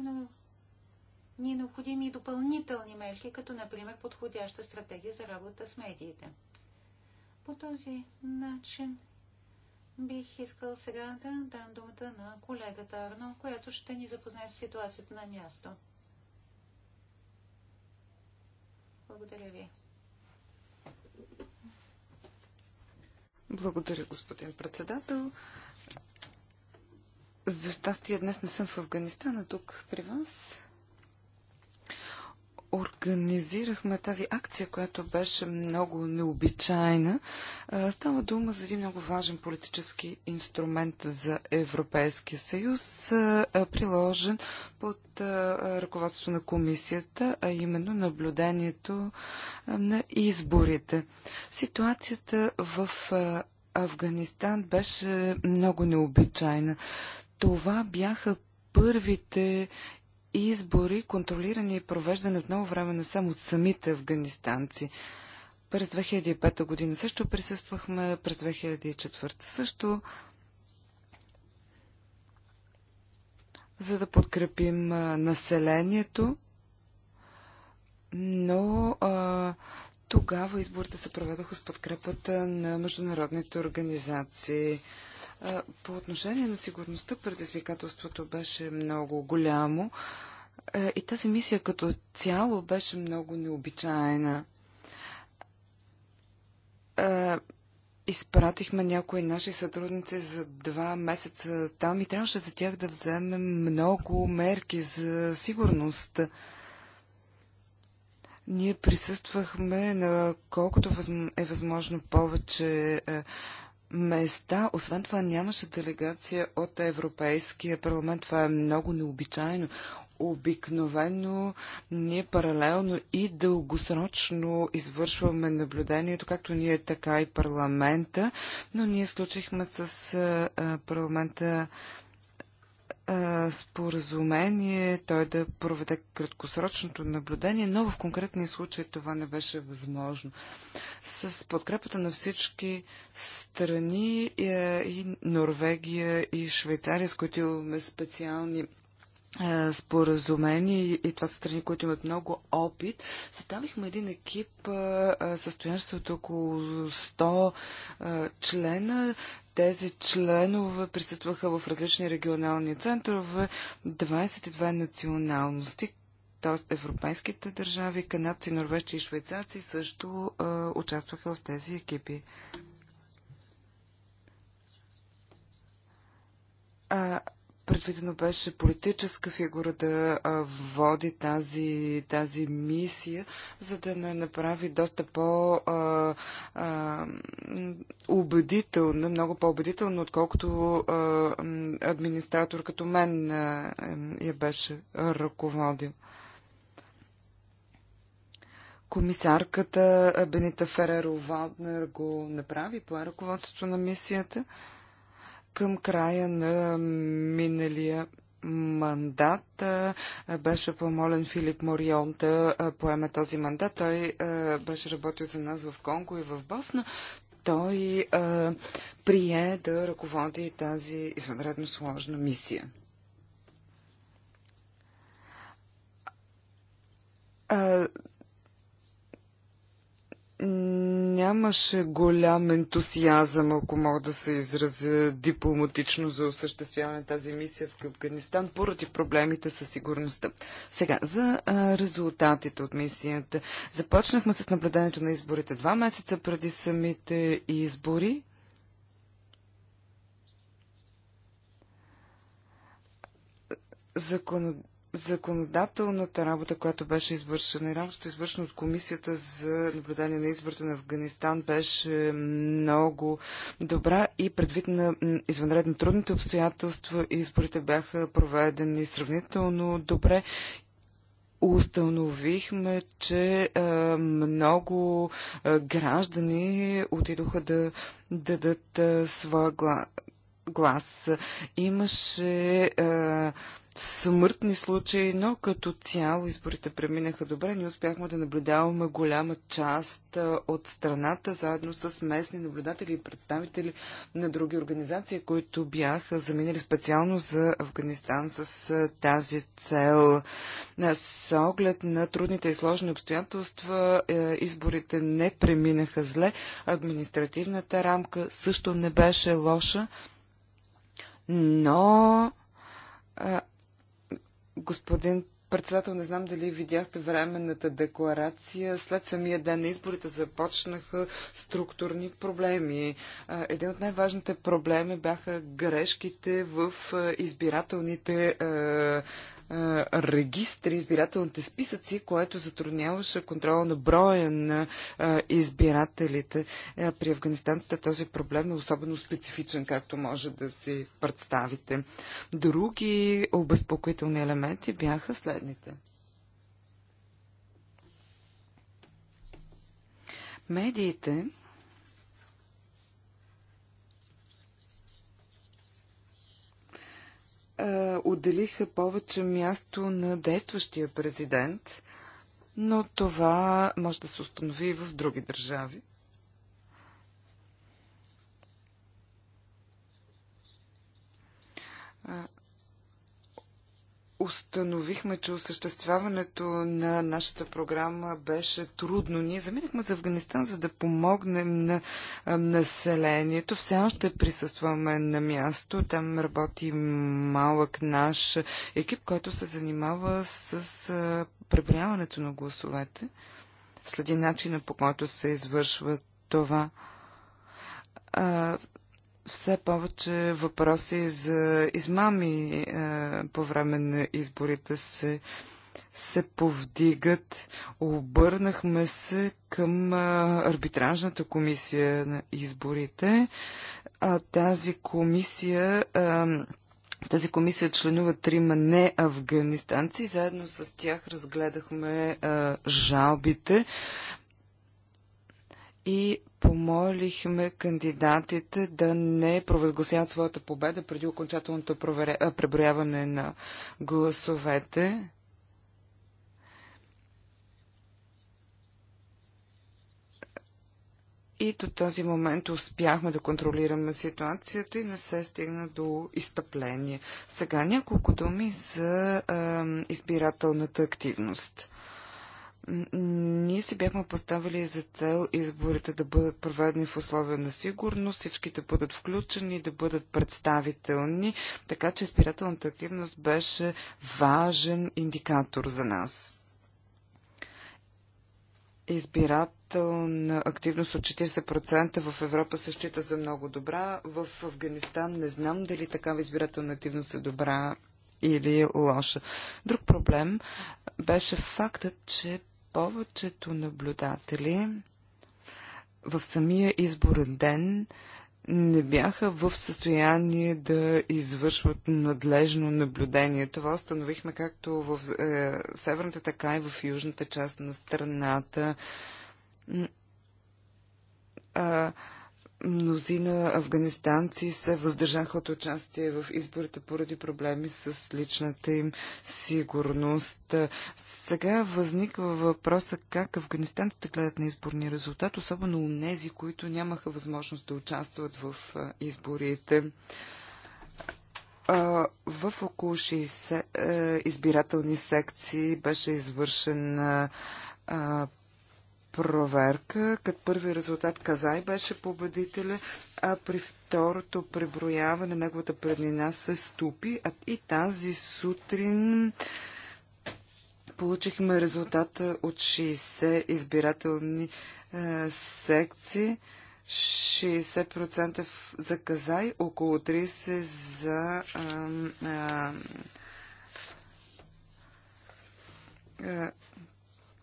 ни необходими и допълнителни мерки, като например подходяща стратегия за работа с медиите. По този начин бих искал сега да дам думата на колегата Арно, която ще ни запознае с ситуацията на място. Благодаря ви. Благодаря, господин председател. За щастие днес не съм в Афганистан, а тук при вас организирахме тази акция, която беше много необичайна. Става дума за един много важен политически инструмент за Европейския съюз, приложен под ръководството на комисията, а именно наблюдението на изборите. Ситуацията в Афганистан беше много необичайна. Това бяха първите избори, контролирани и провеждани от много време не само от самите афганистанци. През 2005 година също присъствахме, през 2004 също, за да подкрепим населението, но а, тогава изборите се проведоха с подкрепата на международните организации. По отношение на сигурността, предизвикателството беше много голямо и тази мисия като цяло беше много необичайна. Изпратихме някои наши сътрудници за два месеца там и трябваше за тях да вземем много мерки за сигурност. Ние присъствахме на колкото е възможно повече е, места. Освен това нямаше делегация от Европейския парламент. Това е много необичайно. Обикновено ние паралелно и дългосрочно извършваме наблюдението, както ние, така и парламента, но ние изключихме с парламента споразумение, той да проведе краткосрочното наблюдение, но в конкретния случай това не беше възможно. С подкрепата на всички страни е, и Норвегия и Швейцария, с които имаме специални споразумения и това са страни, които имат много опит. Съставихме един екип, състоящ се от около 100 члена тези членове присъстваха в различни регионални центрове, 22 националности, т.е. европейските държави, канадци, норвежци и швейцарци също а, участваха в тези екипи. А, Предвидено беше политическа фигура да води тази, тази мисия, за да не направи доста по-убедителна, много по-убедителна, отколкото администратор като мен я беше ръководил. Комисарката Бенита Фереро Валднер го направи по ръководството на мисията – към края на миналия мандат беше помолен Филип Морион да поеме този мандат. Той беше работил за нас в Конго и в Босна. Той прие да ръководи тази извънредно сложна мисия нямаше голям ентусиазъм, ако мога да се изразя дипломатично за осъществяване тази мисия в Афганистан, поради проблемите със сигурността. Сега, за а, резултатите от мисията. Започнахме с наблюдението на изборите два месеца преди самите избори. Законод законодателната работа, която беше извършена и работата извършена от Комисията за наблюдение на изборите на Афганистан беше много добра и предвид на извънредно трудните обстоятелства изборите бяха проведени сравнително добре установихме, че а, много а, граждани отидоха да дадат а, своя гла, глас. Имаше а, смъртни случаи, но като цяло изборите преминаха добре. Ние успяхме да наблюдаваме голяма част от страната, заедно с местни наблюдатели и представители на други организации, които бяха заминали специално за Афганистан с тази цел. С оглед на трудните и сложни обстоятелства, изборите не преминаха зле. Административната рамка също не беше лоша, но Господин председател, не знам дали видяхте временната декларация. След самия ден на изборите започнаха структурни проблеми. Един от най-важните проблеми бяха грешките в избирателните регистри, избирателните списъци, което затрудняваше контрола на броя на избирателите. При афганистанците този проблем е особено специфичен, както може да си представите. Други обезпокоителни елементи бяха следните. Медиите Е, отделиха повече място на действащия президент, но това може да се установи и в други държави. Е, установихме, че осъществяването на нашата програма беше трудно. Ние заминахме за Афганистан, за да помогнем на населението. Все още присъстваме на място. Там работи малък наш екип, който се занимава с преброяването на гласовете. Следи начина по който се извършва това все повече въпроси за измами е, по време на изборите се, се повдигат. Обърнахме се към е, арбитражната комисия на изборите. а Тази комисия Е, тази комисия членуват трима не афганистанци. Заедно с тях разгледахме е, жалбите и помолихме кандидатите да не провъзгласяват своята победа преди окончателното преброяване на гласовете. И до този момент успяхме да контролираме ситуацията и не се стигна до изтъпление. Сега няколко думи за е, избирателната активност. Ние си бяхме поставили за цел изборите да бъдат проведени в условия на сигурност, всички да бъдат включени, да бъдат представителни, така че избирателната активност беше важен индикатор за нас. Избирателна активност от 40% в Европа се счита за много добра. В Афганистан не знам дали такава избирателна активност е добра или лоша. Друг проблем беше фактът, че повечето наблюдатели в самия изборен ден не бяха в състояние да извършват надлежно наблюдение. Това установихме както в е, северната, така и в южната част на страната. А, Мнозина афганистанци се въздържаха от участие в изборите поради проблеми с личната им сигурност. Сега възниква въпроса как афганистанците гледат на изборния резултат, особено у нези, които нямаха възможност да участват в изборите в около 60 избирателни секции беше извършен проверка, като първи резултат Казай беше победителя, а при второто преброяване неговата преднина се ступи, а и тази сутрин получихме резултата от 60 избирателни е, секции. 60% за Казай, около 30% за е, е,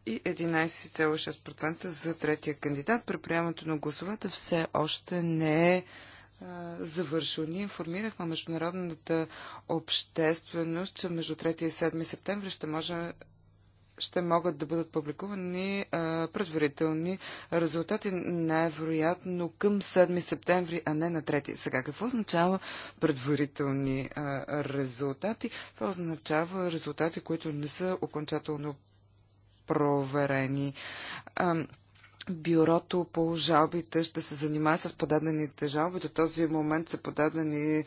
и 11,6% за третия кандидат. Преприемането на гласовете все още не е завършил. Ние информирахме международната общественост, че между 3 и 7 септември ще може ще могат да бъдат публикувани а, предварителни резултати, най-вероятно към 7 септември, а не на 3. Сега, какво означава предварителни а, резултати? Това означава резултати, които не са окончателно проверени. Бюрото по жалбите ще се занимава с подадените жалби. До този момент са подадени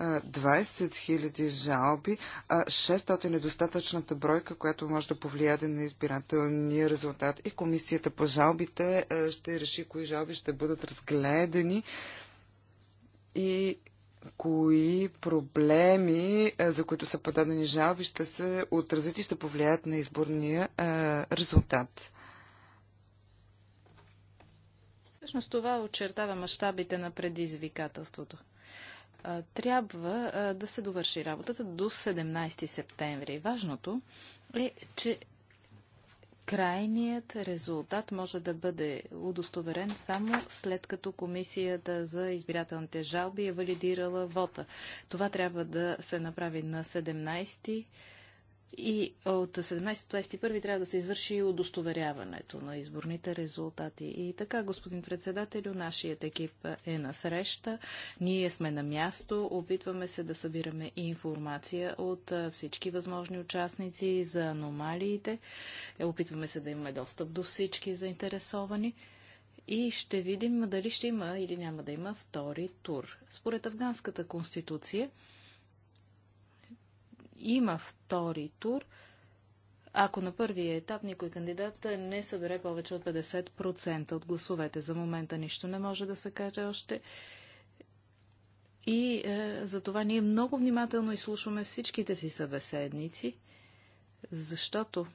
20 000 жалби. 600 е достатъчната бройка, която може да повлияе на избирателния резултат. И комисията по жалбите ще реши кои жалби ще бъдат разгледани и кои проблеми, е, за които са подадени жалби, ще се отразят и ще повлияят на изборния е, резултат. Всъщност това очертава мащабите на предизвикателството. Е, трябва да се довърши работата до 17 септември. Важното е, че Крайният резултат може да бъде удостоверен само след като комисията за избирателните жалби е валидирала вота. Това трябва да се направи на 17 ти и от 17.21 трябва да се извърши и удостоверяването на изборните резултати. И така, господин председателю, нашият екип е на среща. Ние сме на място. Опитваме се да събираме информация от всички възможни участници за аномалиите. Е, опитваме се да имаме достъп до всички заинтересовани и ще видим дали ще има или няма да има втори тур. Според Афганската конституция, има втори тур, ако на първия етап никой кандидат не събере повече от 50% от гласовете. За момента нищо не може да се каже още. И е, за това ние много внимателно изслушваме всичките си събеседници, защото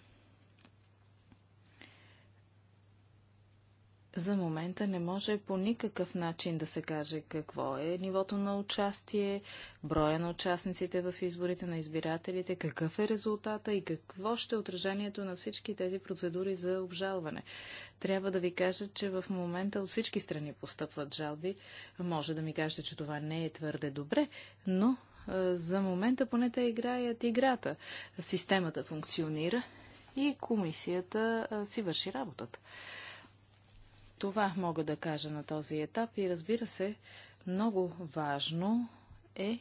За момента не може по никакъв начин да се каже какво е нивото на участие, броя на участниците в изборите на избирателите, какъв е резултата и какво ще е отражението на всички тези процедури за обжалване. Трябва да ви кажа, че в момента от всички страни постъпват жалби. Може да ми кажете, че това не е твърде добре, но за момента поне те играят играта. Системата функционира и комисията си върши работата. Това мога да кажа на този етап и разбира се, много важно е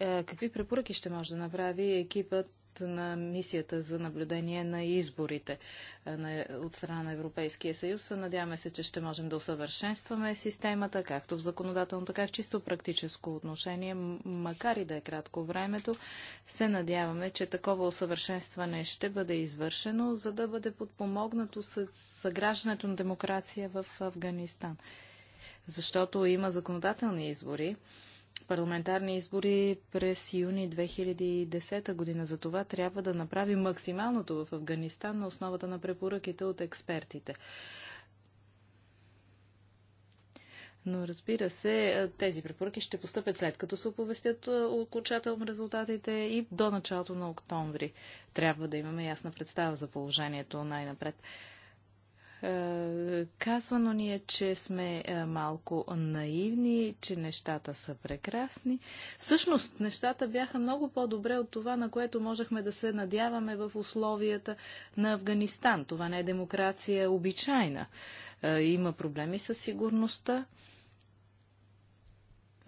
е, какви препоръки ще може да направи екипът на мисията за наблюдение на изборите е, от страна на Европейския съюз? Надяваме се, че ще можем да усъвършенстваме системата, както в законодателно, така и в чисто практическо отношение, макар и да е кратко времето. Се надяваме, че такова усъвършенстване ще бъде извършено, за да бъде подпомогнато с съграждането на демокрация в Афганистан. Защото има законодателни избори парламентарни избори през юни 2010 година. За това трябва да направи максималното в Афганистан на основата на препоръките от експертите. Но разбира се, тези препоръки ще постъпят след като се оповестят окончателно резултатите и до началото на октомври. Трябва да имаме ясна представа за положението най-напред. Е, казвано ни е, че сме е, малко наивни, че нещата са прекрасни. Всъщност, нещата бяха много по-добре от това, на което можехме да се надяваме в условията на Афганистан. Това не е демокрация обичайна. Е, има проблеми с сигурността.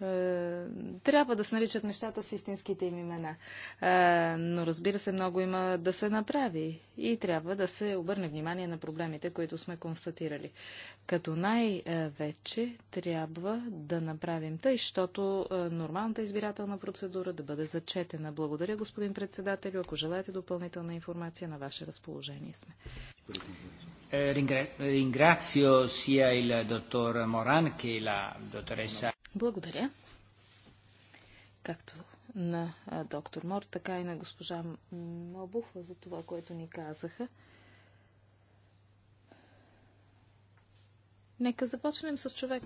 Е, трябва да се наричат нещата с истинските им имена. Е, но разбира се, много има да се направи и трябва да се обърне внимание на проблемите, които сме констатирали. Като най-вече трябва да направим тъй, защото е, нормалната избирателна процедура да бъде зачетена. Благодаря, господин председател, Ако желаете допълнителна информация, на ваше разположение сме. Ringrazio sia il dottor Moran che la dottoressa благодаря. Както на доктор Мор, така и на госпожа Мобуха за това, което ни казаха. Нека започнем с човек,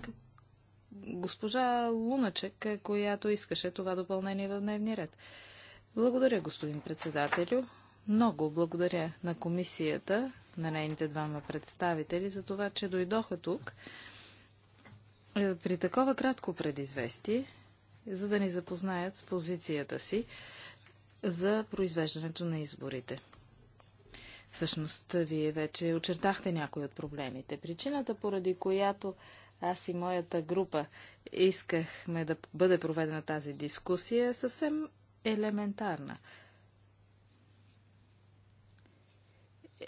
госпожа Луначек, която искаше това допълнение в дневния ред. Благодаря, господин председателю. Много благодаря на комисията, на нейните двама представители, за това, че дойдоха тук е, при такова кратко предизвестие, за да ни запознаят с позицията си за произвеждането на изборите. Всъщност, вие вече очертахте някои от проблемите. Причината, поради която аз и моята група искахме да бъде проведена тази дискусия, е съвсем елементарна.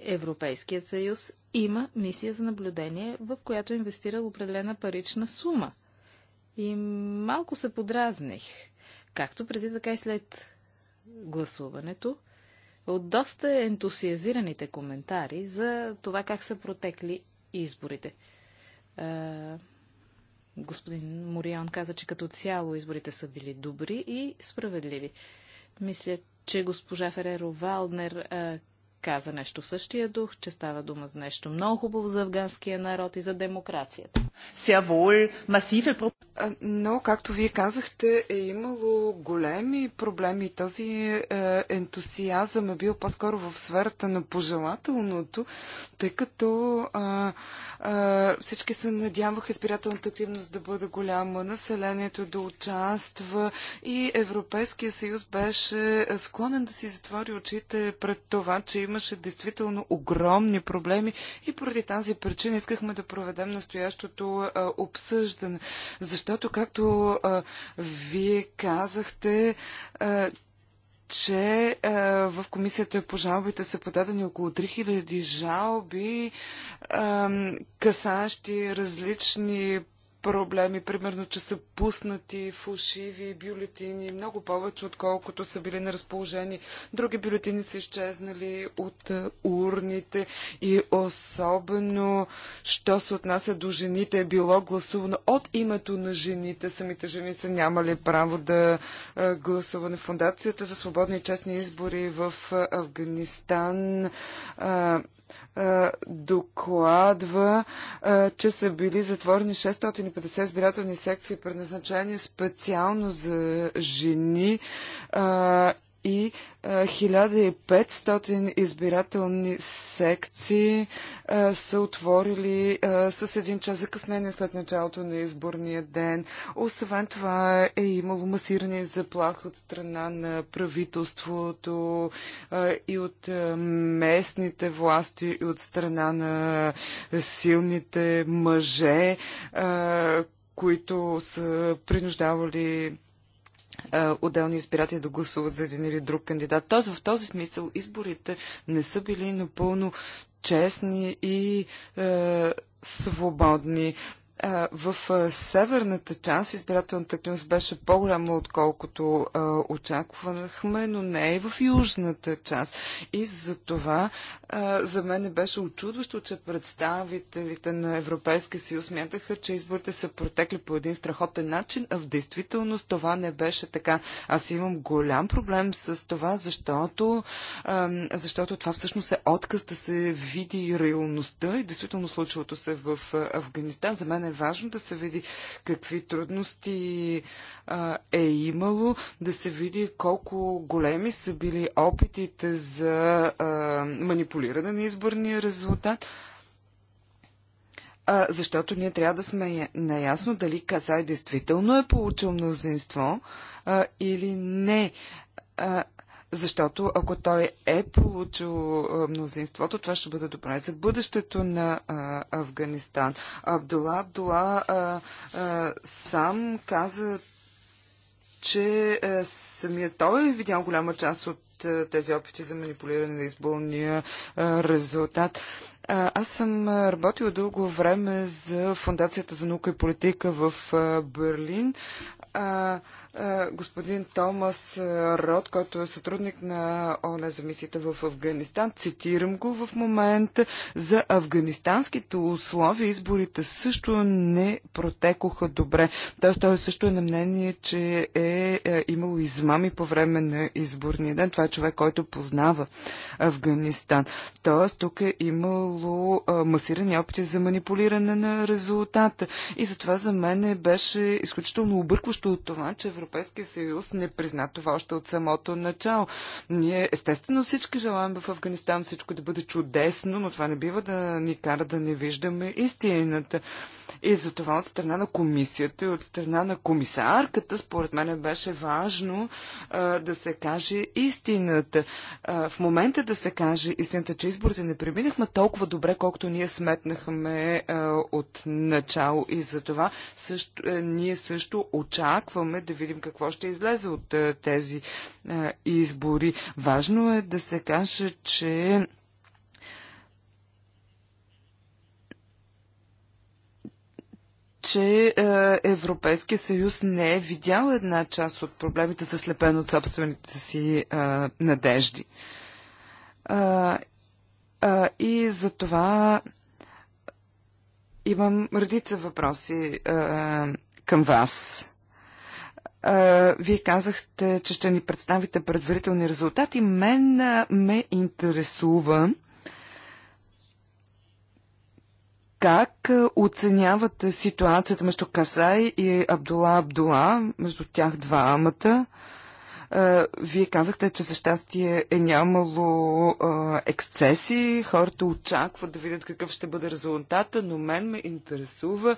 Европейският съюз има мисия за наблюдение, в която е инвестира определена парична сума. И малко се подразних, както преди, така и след гласуването, от доста ентусиазираните коментари за това как са протекли изборите. господин Морион каза, че като цяло изборите са били добри и справедливи. Мисля, че госпожа Фереро Валнер каза нещо в същия дух, че става дума за нещо много хубаво за афганския народ и за демокрацията. Но, както вие казахте, е имало големи проблеми. Този е, ентусиазъм е бил по-скоро в сферата на пожелателното, тъй като а, а, всички се надяваха избирателната активност да бъде голяма, населението да участва и Европейския съюз беше склонен да си затвори очите пред това, че имаше действително огромни проблеми и поради тази причина искахме да проведем настоящото а, обсъждане. Защо защото, както а, вие казахте, а, че а, в комисията по жалбите са подадени около 3000 жалби, касащи различни проблеми, примерно, че са пуснати фалшиви бюлетини, много повече, отколкото са били на разположение. Други бюлетини са изчезнали от е, урните и особено, що се отнася до жените, е било гласувано от името на жените. Самите жени са нямали право да е, на Фундацията за свободни и честни избори в е, Афганистан докладва, че са били затворени 650 избирателни секции, предназначени специално за жени и 1500 избирателни секции са отворили с един час закъснение след началото на изборния ден. Освен това е имало масирани заплах от страна на правителството и от местните власти и от страна на силните мъже, които са принуждавали е, отделни избиратели да гласуват за един или друг кандидат. Тоест в този смисъл изборите не са били напълно честни и е, свободни. В северната част избирателната активност беше по-голяма, отколкото очаквахме, но не и в южната част. И за това за мен беше очудващо, че представителите на Европейския съюз смятаха, че изборите са протекли по един страхотен начин, а в действителност това не беше така. Аз имам голям проблем с това, защото, защото това всъщност е отказ да се види реалността и действително случилото се в Афганистан. За мен е е важно да се види какви трудности а, е имало, да се види колко големи са били опитите за а, манипулиране на изборния резултат. А, защото ние трябва да сме наясно дали казай действително е получил мнозинство а, или не. А, защото ако той е получил мнозинството, това ще бъде добре за бъдещето на а, Афганистан. Абдула Абдула а, а, сам каза, че а, той е видял голяма част от а, тези опити за манипулиране на избълния а, резултат. Аз съм работил дълго време за Фундацията за наука и политика в Берлин господин Томас Род, който е сътрудник на ОНЕ за мисията в Афганистан. Цитирам го в момента. За афганистанските условия изборите също не протекоха добре. Тоест той също е на мнение, че е, е имало измами по време на изборния ден. Това е човек, който познава Афганистан. Тоест тук е имало масирани опити за манипулиране на резултата. И затова за мен беше изключително объркващо от това, че Европейския съюз не призна това още от самото начало. Ние, естествено, всички желаем в Афганистан всичко да бъде чудесно, но това не бива да ни кара да не виждаме истината. И затова от страна на комисията и от страна на комисарката, според мен беше важно а, да се каже истината. А, в момента да се каже истината, че изборите не преминахме толкова добре, колкото ние сметнахме а, от начало. И затова също, а, е, ние също очакваме да видим какво ще излезе от а, е, тези а, е, избори. Важно е да се каже, че че е, Европейския съюз не е видял една част от проблемите, заслепен от собствените си е, надежди. Е, и за това имам редица въпроси към вас. Вие казахте, че ще ни представите предварителни резултати. Мен ме интересува Как е, оценявате ситуацията между Касай и Абдула Абдула, между тях двамата? Е, вие казахте, че за щастие е нямало е, ексцеси, хората очакват да видят какъв ще бъде резултата, но мен ме интересува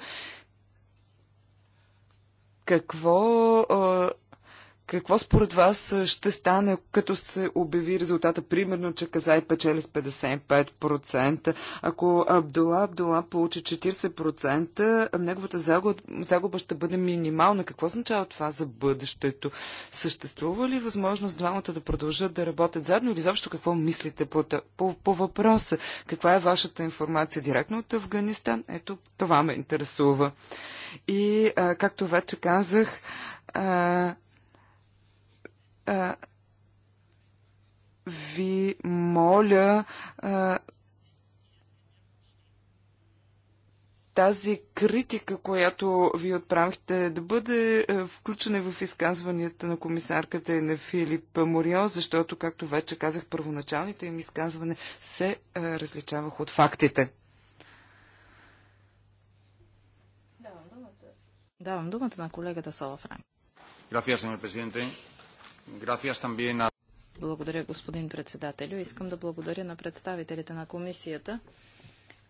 какво какво според вас ще стане, като се обяви резултата, примерно, че Казай печели с 55%? Ако Абдула Абдула получи 40%, неговата загуба, загуба ще бъде минимална. Какво означава това за бъдещето? Съществува ли възможност двамата да продължат да работят заедно или заобщо какво мислите по, по, по въпроса? Каква е вашата информация директно от Афганистан? Ето, това ме интересува. И, а, както вече казах, а, ви моля а, тази критика, която ви отправихте, да бъде е, включена в изказванията на комисарката и на Филип Морио, защото, както вече казах, първоначалните им изказване се е, различавах от фактите. Давам думата. на колегата Сала Франк. Gracias, señor presidente. Благодаря, господин председателю. Искам да благодаря на представителите на комисията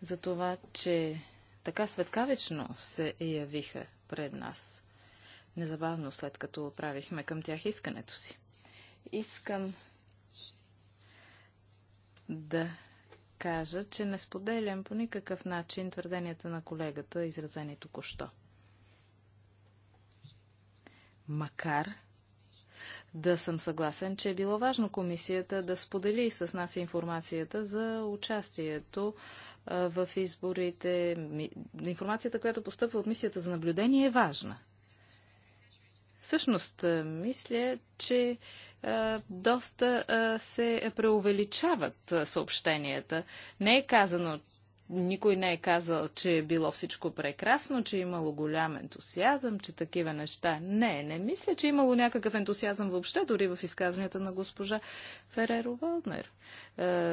за това, че така светкавично се явиха пред нас, незабавно след като правихме към тях искането си. Искам да кажа, че не споделям по никакъв начин твърденията на колегата, изразени току-що. Макар, да съм съгласен, че е било важно комисията да сподели с нас информацията за участието в изборите. Информацията, която постъпва от мисията за наблюдение е важна. Всъщност, мисля, че доста се преувеличават съобщенията. Не е казано, никой не е казал, че е било всичко прекрасно, че е имало голям ентусиазъм, че такива неща. Не, не мисля, че е имало някакъв ентусиазъм въобще, дори в изказванията на госпожа Фереро Вълнер.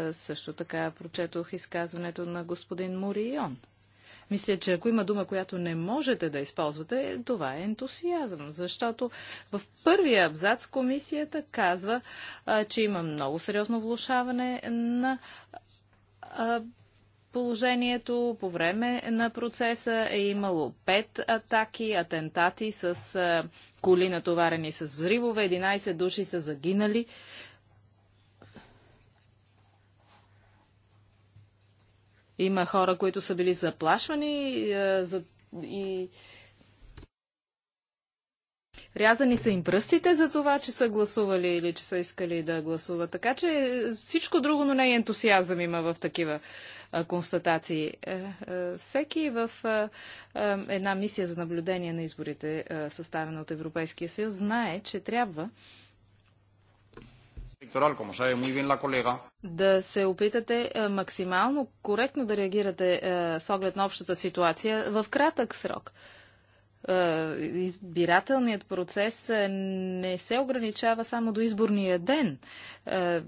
Е, също така прочетох изказването на господин Морион. Мисля, че ако има дума, която не можете да използвате, това е ентусиазъм, защото в първия абзац комисията казва, че има много сериозно влушаване на положението по време на процеса е имало пет атаки, атентати с коли натоварени с взривове, 11 души са загинали. Има хора, които са били заплашвани и, и, и Рязани са им пръстите за това, че са гласували или че са искали да гласуват. Така че е, всичко друго, но не е ентусиазъм има в такива а, констатации. Е, е, всеки в е, е една мисия за наблюдение на изборите, е, съставена от Европейския съюз, знае, че трябва да се опитате максимално коректно да реагирате с оглед на общата ситуация в кратък срок. Е, избирателният процес е, не се ограничава само до изборния ден. Е,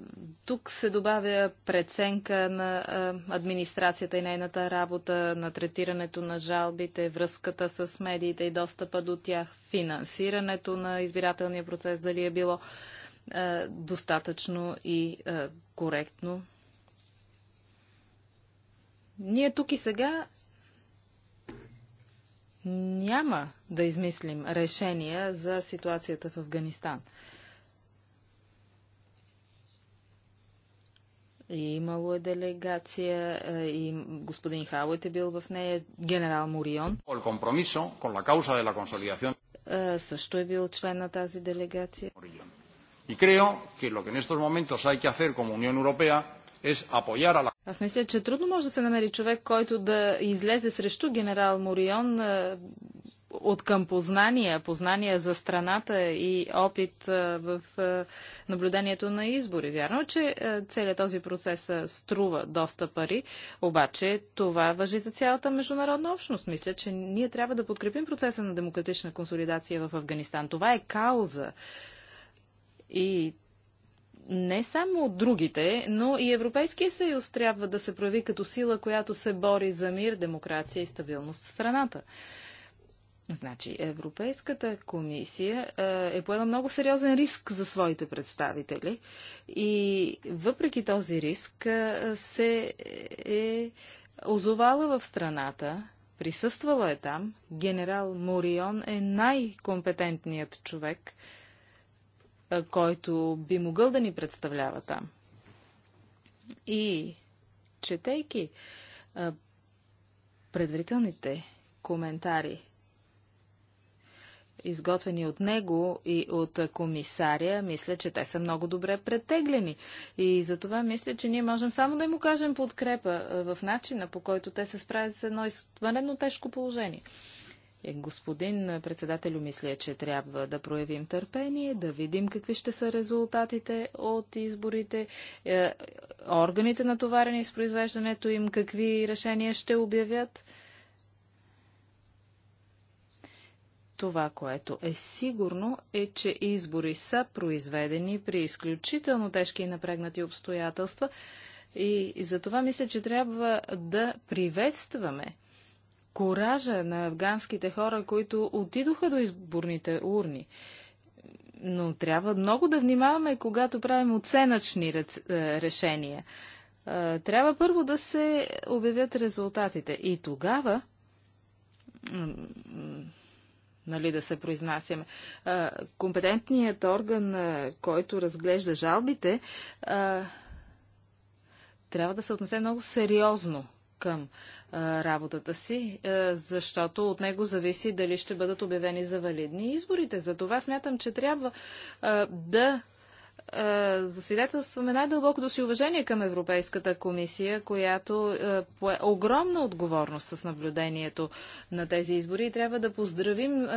тук се добавя преценка на администрацията и нейната работа, на третирането на жалбите, връзката с медиите и достъпа до тях, финансирането на избирателния процес, дали е било достатъчно и коректно. Ние тук и сега няма да измислим решения за ситуацията в Афганистан. И имало е делегация, и господин Хаует е бил в нея, генерал Морион. Също е бил член на тази делегация. И creo que lo que en estos momentos hay que hacer como Unión Europea es apoyar a la аз мисля, че трудно може да се намери човек, който да излезе срещу генерал Морион от към познания, познания за страната и опит в наблюдението на избори. Вярно, че целият този процес струва доста пари, обаче това въжи за цялата международна общност. Мисля, че ние трябва да подкрепим процеса на демократична консолидация в Афганистан. Това е кауза. И не само от другите, но и Европейския съюз трябва да се прояви като сила, която се бори за мир, демокрация и стабилност в страната. Значи, Европейската комисия е, е поела много сериозен риск за своите представители и въпреки този риск се е озовала в страната, присъствала е там. Генерал Морион е най-компетентният човек, който би могъл да ни представлява там. И четейки предварителните коментари, изготвени от него и от комисаря, мисля, че те са много добре претеглени. И за това мисля, че ние можем само да им кажем подкрепа в начина, по който те се справят с едно изтварено тежко положение. Е, господин председател, мисля, че трябва да проявим търпение, да видим какви ще са резултатите от изборите, е, органите натоварени с произвеждането им, какви решения ще обявят. Това, което е сигурно, е, че избори са произведени при изключително тежки и напрегнати обстоятелства и, и за това мисля, че трябва да приветстваме коража на афганските хора, които отидоха до изборните урни. Но трябва много да внимаваме, когато правим оценъчни е, решения. Е, трябва първо да се обявят резултатите. И тогава нали, да се произнасяме. Е, компетентният орган, който разглежда жалбите, трябва да се отнесе много сериозно към а, работата си, а, защото от него зависи дали ще бъдат обявени за валидни изборите. За това смятам, че трябва а, да засвидетелстваме най-дълбокото си уважение към Европейската комисия, която е, пое огромна отговорност с наблюдението на тези избори и трябва да поздравим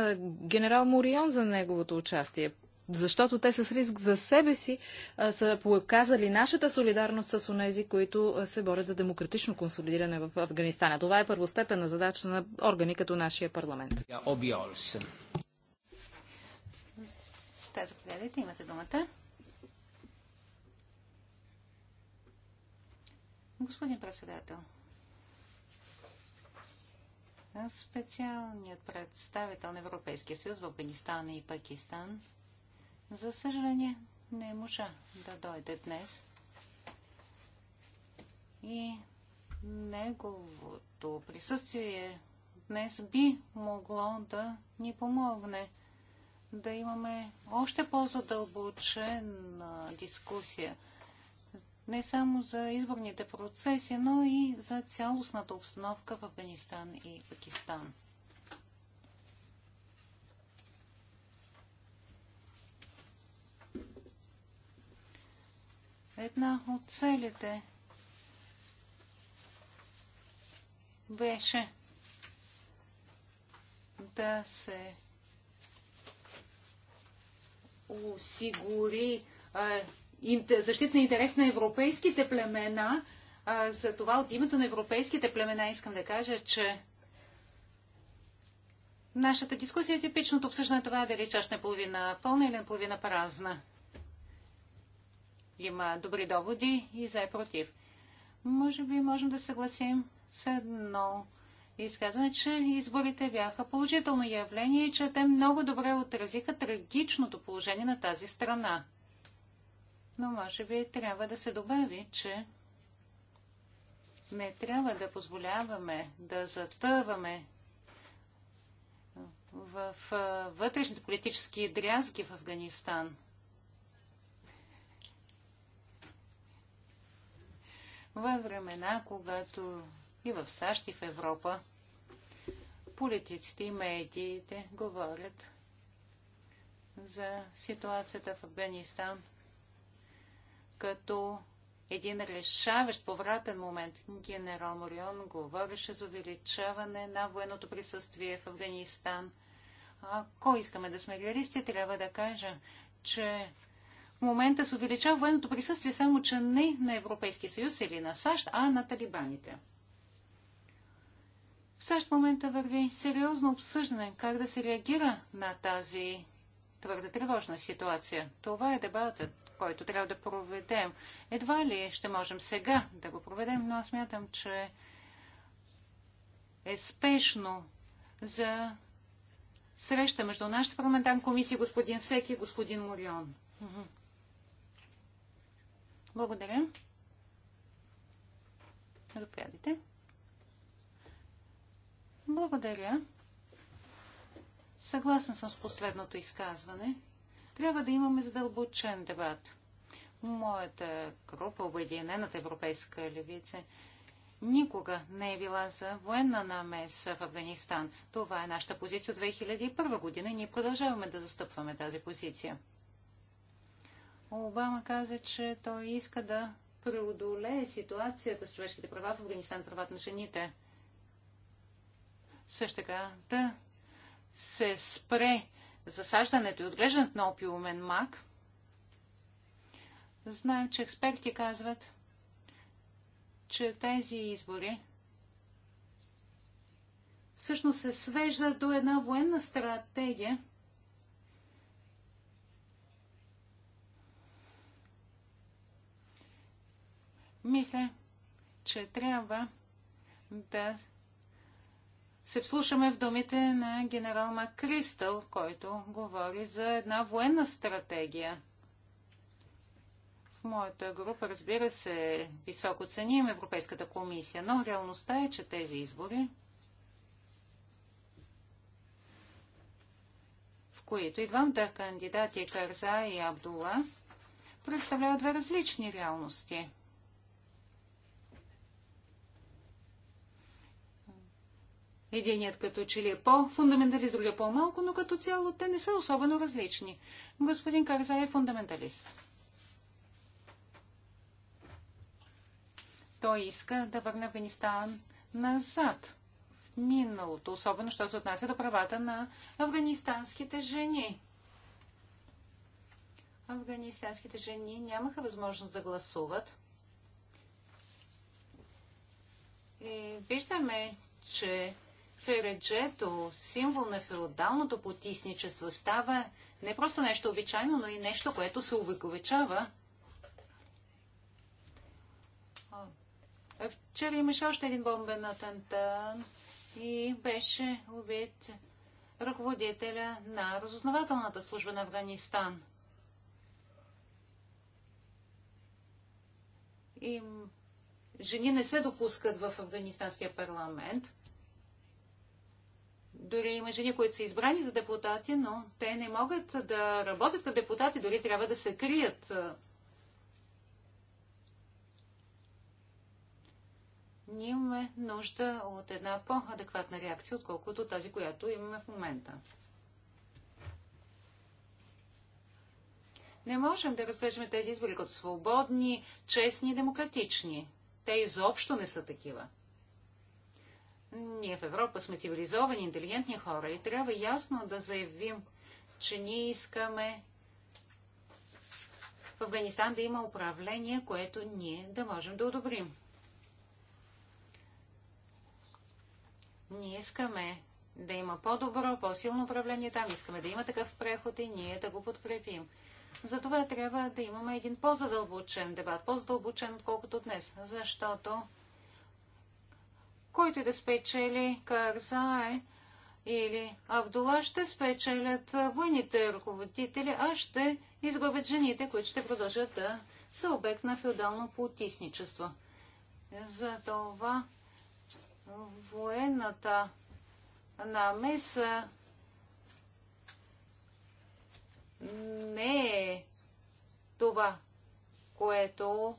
генерал Морион за неговото участие защото те с риск за себе си а, са показали нашата солидарност с онези, които се борят за демократично консолидиране в Афганистан. това е първостепенна задача на органи като нашия парламент. заповядайте, имате думата. Господин председател, специалният представител на Европейския съюз в Афганистан и Пакистан – за съжаление, не можа да дойде днес. И неговото присъствие днес би могло да ни помогне да имаме още по-задълбочена дискусия. Не само за изборните процеси, но и за цялостната обстановка в Афганистан и Пакистан. Една от целите беше да се осигури защита на интерес на европейските племена. А, за това от името на европейските племена искам да кажа, че нашата дискусия е типичното обсъждане това е дали чаш е половина пълна или наполовина празна има добри доводи и за и против. Може би можем да съгласим с едно изказване, че изборите бяха положително явление и че те много добре отразиха трагичното положение на тази страна. Но може би трябва да се добави, че не трябва да позволяваме да затъваме в вътрешните политически дрязги в Афганистан – във времена, когато и в САЩ, и в Европа политиците и медиите говорят за ситуацията в Афганистан като един решаващ повратен момент. Генерал Морион говореше за увеличаване на военното присъствие в Афганистан. Ако искаме да сме реалисти, трябва да кажа, че в момента се увеличава военното присъствие, само че не на Европейския съюз или на САЩ, а на талибаните. В САЩ в момента върви сериозно обсъждане как да се реагира на тази твърде тревожна ситуация. Това е дебатът, който трябва да проведем. Едва ли ще можем сега да го проведем, но аз мятам, че е спешно за среща между нашата парламентарна комисия, господин Секи и господин Морион. Благодаря. Заповядайте. Благодаря. Съгласна съм с последното изказване. Трябва да имаме задълбочен дебат. Моята група, Обединената европейска левица, никога не е била за военна намеса в Афганистан. Това е нашата позиция от 2001 година и ние продължаваме да застъпваме тази позиция. Обама каза, че той иска да преодолее ситуацията с човешките права в Афганистан, правата на жените. Също така да се спре засаждането и отглеждането на опиумен мак. Знаем, че експерти казват, че тези избори всъщност се свежда до една военна стратегия, Мисля, че трябва да се вслушаме в думите на генерал Макристъл, който говори за една военна стратегия. В моята група, разбира се, високо ценим Европейската комисия, но реалността е, че тези избори, в които и двамата кандидати Карза и Абдула, представляват две различни реалности – Единият като че ли е по-фундаменталист, другия по-малко, но като цяло те не са особено различни. Господин Карзай е фундаменталист. Той иска да върне Афганистан назад в миналото, особено що се отнася до правата на афганистанските жени. Афганистанските жени нямаха възможност да гласуват. И виждаме, че фереджето, символ на феодалното потисничество, става не просто нещо обичайно, но и нещо, което се увековечава. Вчера имаше още един бомбен атентат и беше убит ръководителя на разузнавателната служба на Афганистан. И жени не се допускат в афганистанския парламент. Дори има жени, които са избрани за депутати, но те не могат да работят като депутати, дори трябва да се крият. Ние имаме нужда от една по-адекватна реакция, отколкото тази, която имаме в момента. Не можем да разглеждаме тези избори като свободни, честни и демократични. Те изобщо не са такива. Ние в Европа сме цивилизовани, интелигентни хора и трябва ясно да заявим, че ние искаме в Афганистан да има управление, което ние да можем да одобрим. Ние искаме да има по-добро, по-силно управление там. Искаме да има такъв преход и ние да го подкрепим. Затова трябва да имаме един по-задълбочен дебат, по-задълбочен, отколкото днес, защото който и да спечели Карзай или Абдула, ще спечелят военните ръководители, а ще изгубят жените, които ще продължат да са обект на феодално потисничество. Затова военната намеса не е това, което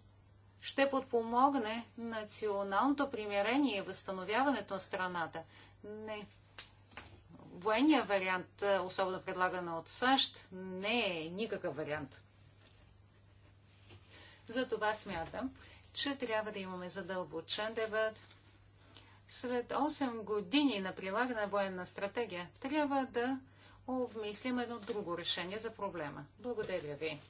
ще подпомогне националното примирение и възстановяването на страната. Не. Военният вариант, е, особено предлаган от САЩ, не е никакъв вариант. Затова смятам, че трябва да имаме задълбочен дебат. След 8 години на прилагана военна стратегия трябва да обмислим едно друго решение за проблема. Благодаря ви.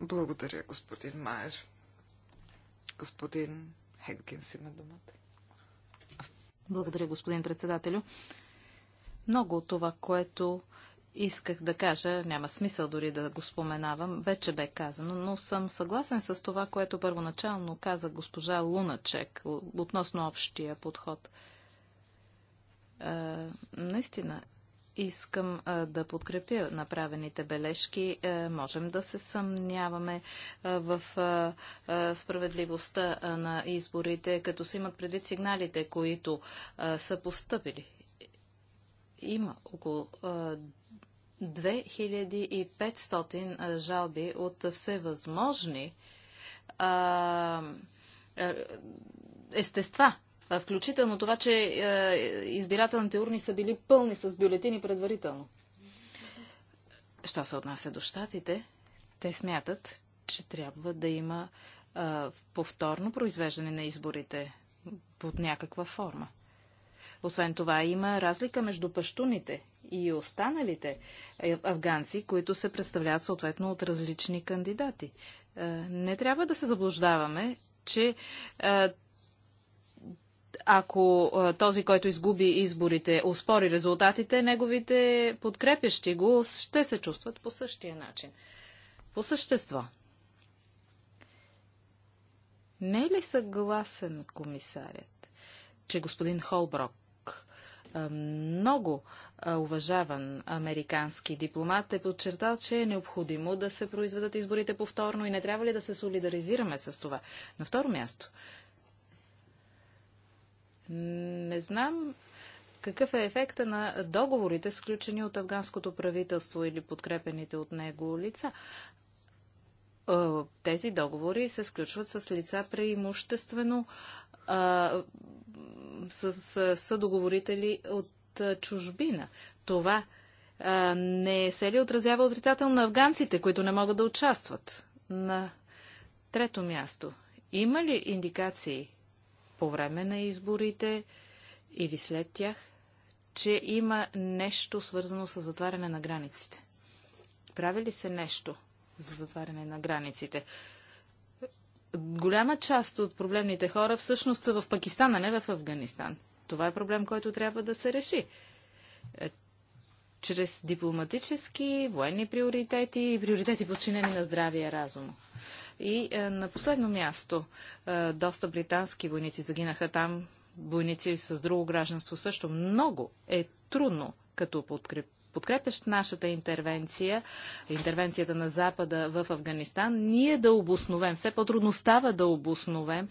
Благодаря, господин Майер. Господин Хедгинс има думата. Благодаря, господин председателю. Много от това, което исках да кажа, няма смисъл дори да го споменавам, вече бе казано, но съм съгласен с това, което първоначално каза госпожа Луначек относно общия подход. Е, наистина, Искам да подкрепя направените бележки. Е, можем да се съмняваме е, в е, справедливостта на изборите, като се имат предвид сигналите, които са поступили. Има около 2500 жалби от всевъзможни естества включително това, че е, избирателните урни са били пълни с бюлетини предварително. Що се отнася до щатите, те смятат, че трябва да има а, повторно произвеждане на изборите под някаква форма. Освен това, има разлика между пащуните и останалите е, афганци, които се представляват съответно от различни кандидати. Е, не трябва да се заблуждаваме, че ако този, който изгуби изборите, успори резултатите, неговите подкрепящи го ще се чувстват по същия начин. По същество. Не е ли съгласен комисарят, че господин Холброк много уважаван американски дипломат е подчертал, че е необходимо да се произведат изборите повторно и не трябва ли да се солидаризираме с това. На второ място, не знам какъв е ефекта на договорите, сключени от афганското правителство или подкрепените от него лица. Е, тези договори се сключват с лица преимуществено а, с, съдоговорители от чужбина. Това а, не се ли отразява отрицателно на афганците, които не могат да участват? На трето място. Има ли индикации по време на изборите или след тях, че има нещо свързано с затваряне на границите. Прави ли се нещо за затваряне на границите? Голяма част от проблемните хора всъщност са в Пакистан, а не в Афганистан. Това е проблем, който трябва да се реши чрез дипломатически, военни приоритети и приоритети подчинени на здравия разум. И е, на последно място, е, доста британски войници загинаха там, войници с друго гражданство също. Много е трудно, като подкреп, подкрепящ нашата интервенция, интервенцията на Запада в Афганистан, ние да обосновем, все по-трудно става да обосновем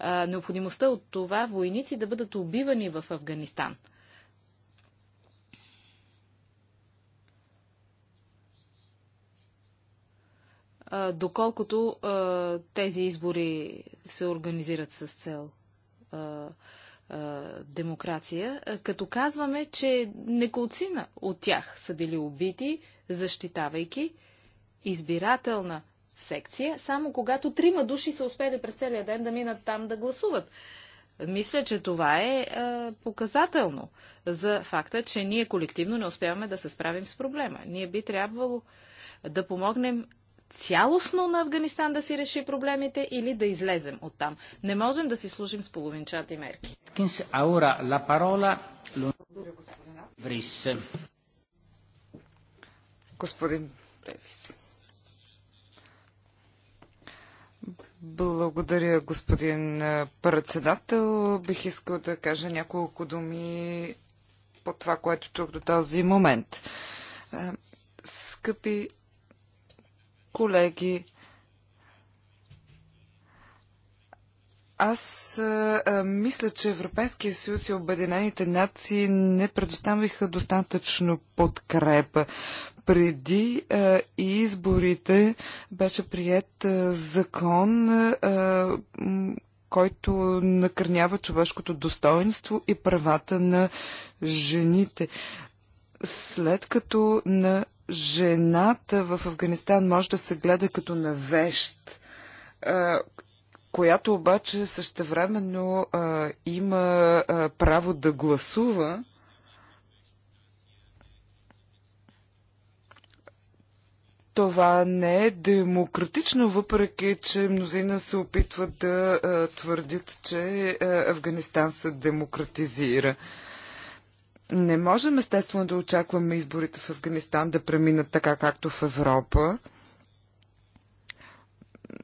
е, необходимостта от това войници да бъдат убивани в Афганистан – доколкото тези избори се организират с цел демокрация, като казваме, че неколцина от тях са били убити, защитавайки избирателна секция, само когато трима души са успели през целия ден да минат там да гласуват. Мисля, че това е, е показателно за факта, че ние колективно не успяваме да се справим с проблема. Ние би трябвало да помогнем цялостно на Афганистан да си реши проблемите или да излезем от там. Не можем да си служим с половинчати мерки. Господин Бревис. Благодаря, господин председател. Бих искал да кажа няколко думи по това, което чух до този момент. Скъпи Колеги, Аз а, е, е, мисля, че Европейския съюз и Обединените нации не предоставиха достатъчно подкрепа. Преди а, е, и изборите беше прият а, закон, а, който накърнява човешкото достоинство и правата на жените. След като на жената в Афганистан може да се гледа като на вещ, която обаче същевременно има право да гласува. Това не е демократично, въпреки че мнозина се опитват да твърдят, че Афганистан се демократизира. Не можем естествено да очакваме изборите в Афганистан да преминат така както в Европа,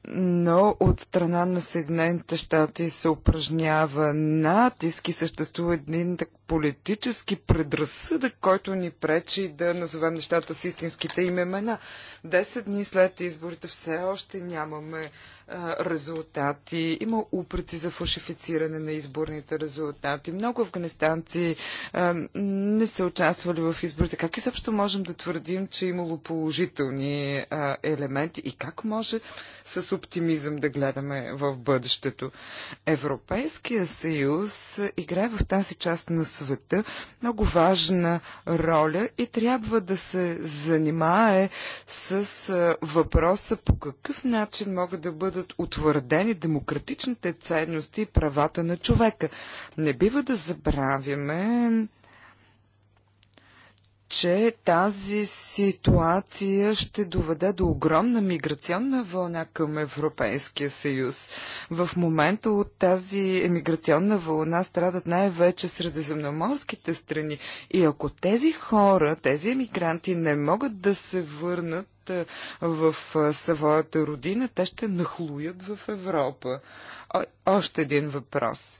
но от страна на Съединените щати се упражнява натиск и съществува един политически предразсъдък, който ни пречи да назовем нещата с истинските им имена. Десет дни след изборите все още нямаме а, резултати. Има упреци за фалшифициране на изборните резултати. Много афганистанци а, не са участвали в изборите. Как изобщо можем да твърдим, че е имало положителни а, елементи и как може с оптимизъм да гледаме в бъдещето? Европейския съюз играе в тази част на света много важна роля и трябва да се занимае с въпроса по какъв начин могат да бъдат утвърдени демократичните ценности и правата на човека. Не бива да забравяме, че тази ситуация ще доведе до огромна миграционна вълна към Европейския съюз. В момента от тази емиграционна вълна страдат най-вече средиземноморските страни. И ако тези хора, тези емигранти не могат да се върнат, в своята родина, те ще нахлуят в Европа. О, още един въпрос.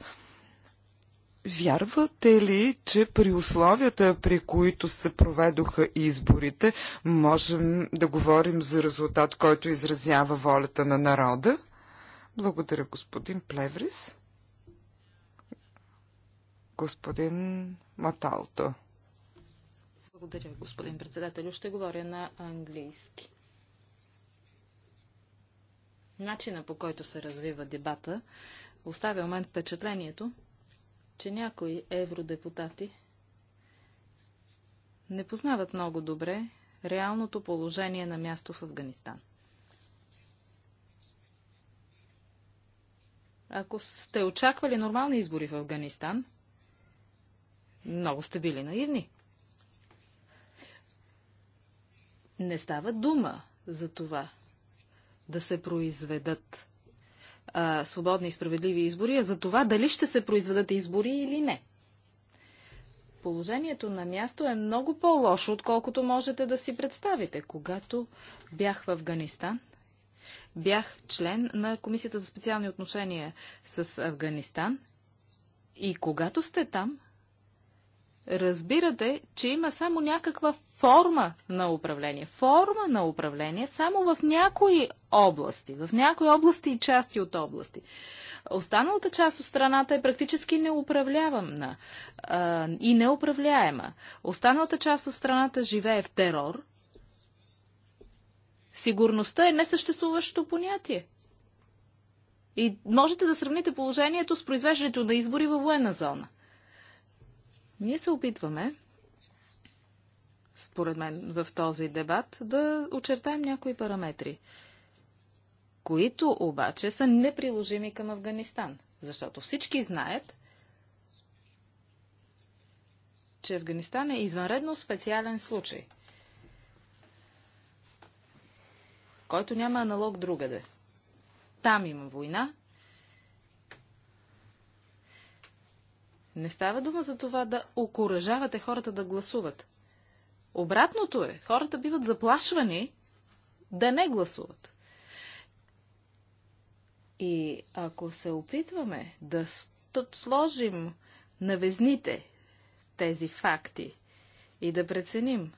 Вярвате ли, че при условията, при които се проведоха изборите, можем да говорим за резултат, който изразява волята на народа? Благодаря, господин Плеврис. Господин Маталто. Благодаря, господин председател. Ще говоря на английски. Начина по който се развива дебата оставя у мен впечатлението, че някои евродепутати не познават много добре реалното положение на място в Афганистан. Ако сте очаквали нормални избори в Афганистан, много сте били наивни. Не става дума за това да се произведат а, свободни и справедливи избори, а за това дали ще се произведат избори или не. Положението на място е много по-лошо, отколкото можете да си представите. Когато бях в Афганистан, бях член на Комисията за специални отношения с Афганистан и когато сте там, разбирате, че има само някаква форма на управление. Форма на управление само в някои области, в някои области и части от области. Останалата част от страната е практически неуправлявана а, и неуправляема. Останалата част от страната живее в терор. Сигурността е несъществуващо понятие. И можете да сравните положението с произвеждането на избори във военна зона – ние се опитваме, според мен, в този дебат да очертаем някои параметри, които обаче са неприложими към Афганистан. Защото всички знаят, че Афганистан е извънредно специален случай, който няма аналог другаде. Там има война, Не става дума за това да окоръжавате хората да гласуват. Обратното е, хората биват заплашвани да не гласуват. И ако се опитваме да сложим на везните тези факти и да преценим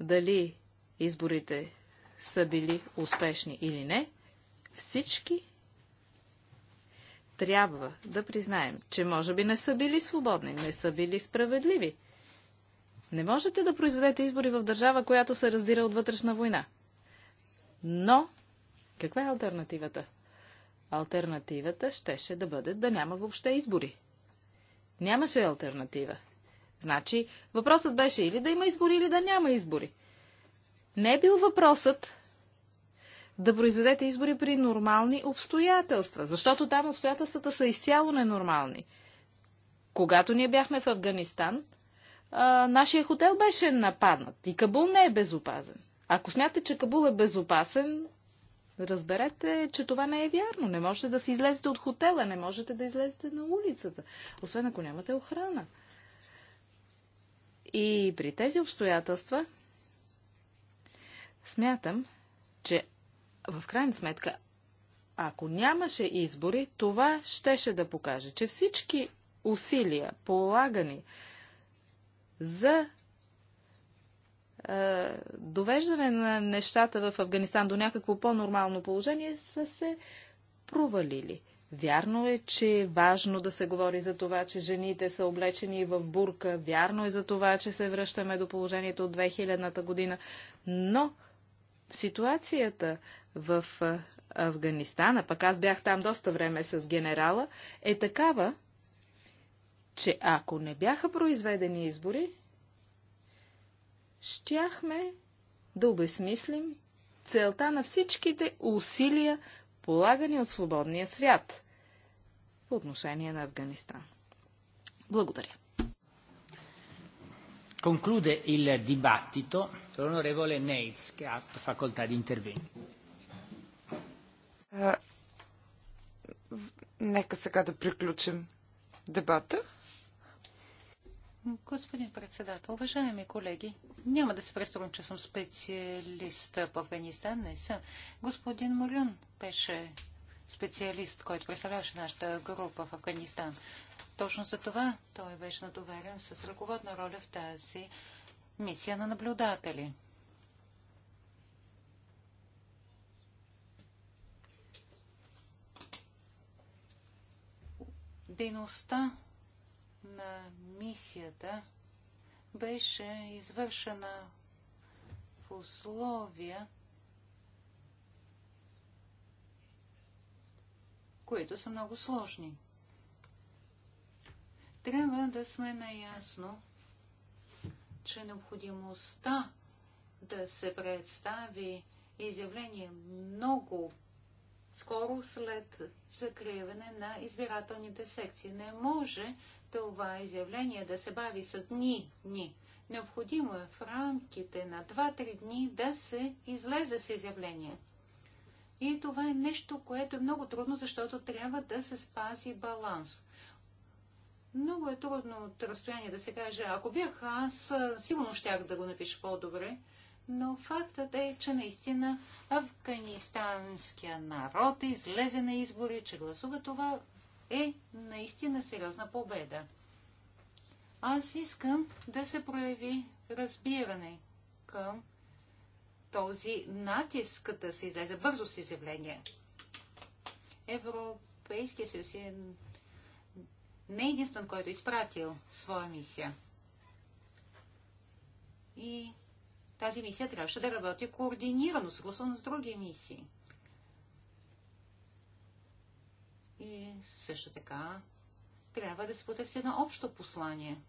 дали изборите са били успешни или не, всички трябва да признаем, че може би не са били свободни, не са били справедливи. Не можете да произведете избори в държава, която се раздира от вътрешна война. Но, каква е альтернативата? Альтернативата щеше да бъде да няма въобще избори. Нямаше альтернатива. Значи, въпросът беше или да има избори, или да няма избори. Не е бил въпросът да произведете избори при нормални обстоятелства, защото там обстоятелствата са изцяло ненормални. Когато ние бяхме в Афганистан, а, нашия хотел беше нападнат и Кабул не е безопасен. Ако смятате, че Кабул е безопасен, разберете, че това не е вярно. Не можете да си излезете от хотела, не можете да излезете на улицата, освен ако нямате охрана. И при тези обстоятелства смятам, че в крайна сметка, ако нямаше избори, това щеше да покаже, че всички усилия, полагани за е, довеждане на нещата в Афганистан до някакво по-нормално положение, са се провалили. Вярно е, че е важно да се говори за това, че жените са облечени в бурка. Вярно е за това, че се връщаме до положението от 2000-та година. Но Ситуацията в Афганистан, а пък аз бях там доста време с генерала, е такава, че ако не бяха произведени избори, щяхме да обесмислим целта на всичките усилия, полагани от свободния свят по отношение на Афганистан. Благодаря. Conclude il dibattito l'onorevole Neitz che ha facoltà di intervento. Е, нека сега да приключим дебата. Господин председател, уважаеми колеги, няма да се преструвам, че съм специалист в Афганистан. Не съм. Господин Морюн беше специалист, който представляваше нашата група в Афганистан. Точно за това той беше надоверен с ръководна роля в тази мисия на наблюдатели. Дейността на мисията беше извършена в условия, които са много сложни. Трябва да сме наясно, че необходимостта да се представи изявление много скоро след закриване на избирателните секции. Не може това изявление да се бави с дни, дни. Необходимо е в рамките на 2-3 дни да се излезе с изявление. И това е нещо, което е много трудно, защото трябва да се спази баланс. Много е трудно от разстояние да се каже, ако бях аз, сигурно щях да го напиша по-добре, но фактът е, че наистина афганистанския народ излезе на избори, че гласува това е наистина сериозна победа. Аз искам да се прояви разбиране към този натиск да се излезе бързо с изявление. Европейския съюз е не е единствен, който е изпратил своя мисия. И тази мисия трябваше да работи координирано, съгласно с други мисии. И също така трябва да се потърси едно общо послание.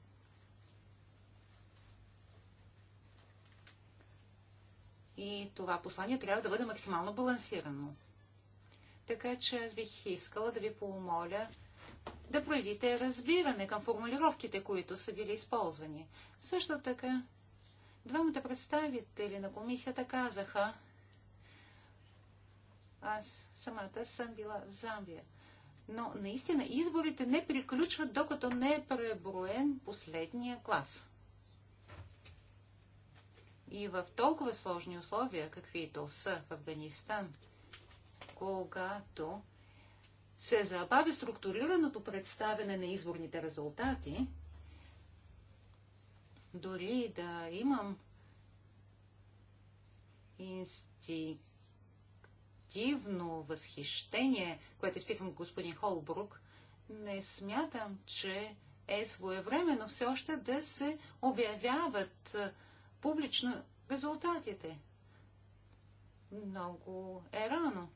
И това послание трябва да бъде максимално балансирано. Така че аз бих искала да ви помоля да проявите разбиране към формулировките, които са били използвани. Също така, двамата представители на комисията казаха, аз самата съм била в Замбия, но наистина изборите не приключват, докато не е преброен последния клас. И в толкова сложни условия, каквито са в Афганистан, когато се забави структурираното представяне на изборните резултати, дори да имам инстинктивно възхищение, което изпитвам господин Холбрук, не смятам, че е своевременно все още да се обявяват публично резултатите. Много е рано.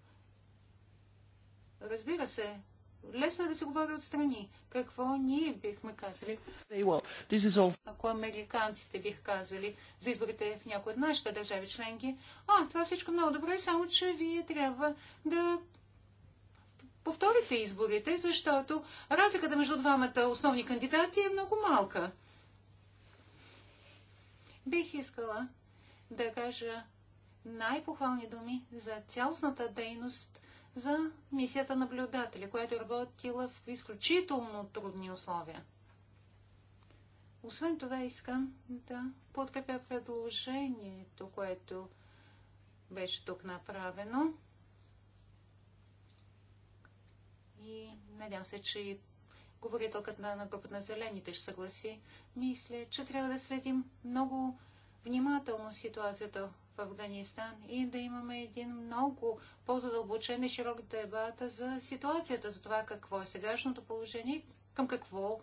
Разбира се, лесно е да се говори отстрани. Какво ние бихме казали? Ако американците бих казали за изборите в някои от нашите държави членки, а, това всичко е много добре, само че вие трябва да повторите изборите, защото разликата между двамата основни кандидати е много малка. Бих искала да кажа най-похвални думи за цялостната дейност – за мисията наблюдатели, която е работила в изключително трудни условия. Освен това искам да подкрепя предложението, което беше тук направено. И надявам се, че и говорителката на групата на зелените ще съгласи. Мисля, че трябва да следим много внимателно ситуацията в Афганистан и да имаме един много по-задълбочен и широк дебат за ситуацията, за това какво е сегашното положение към какво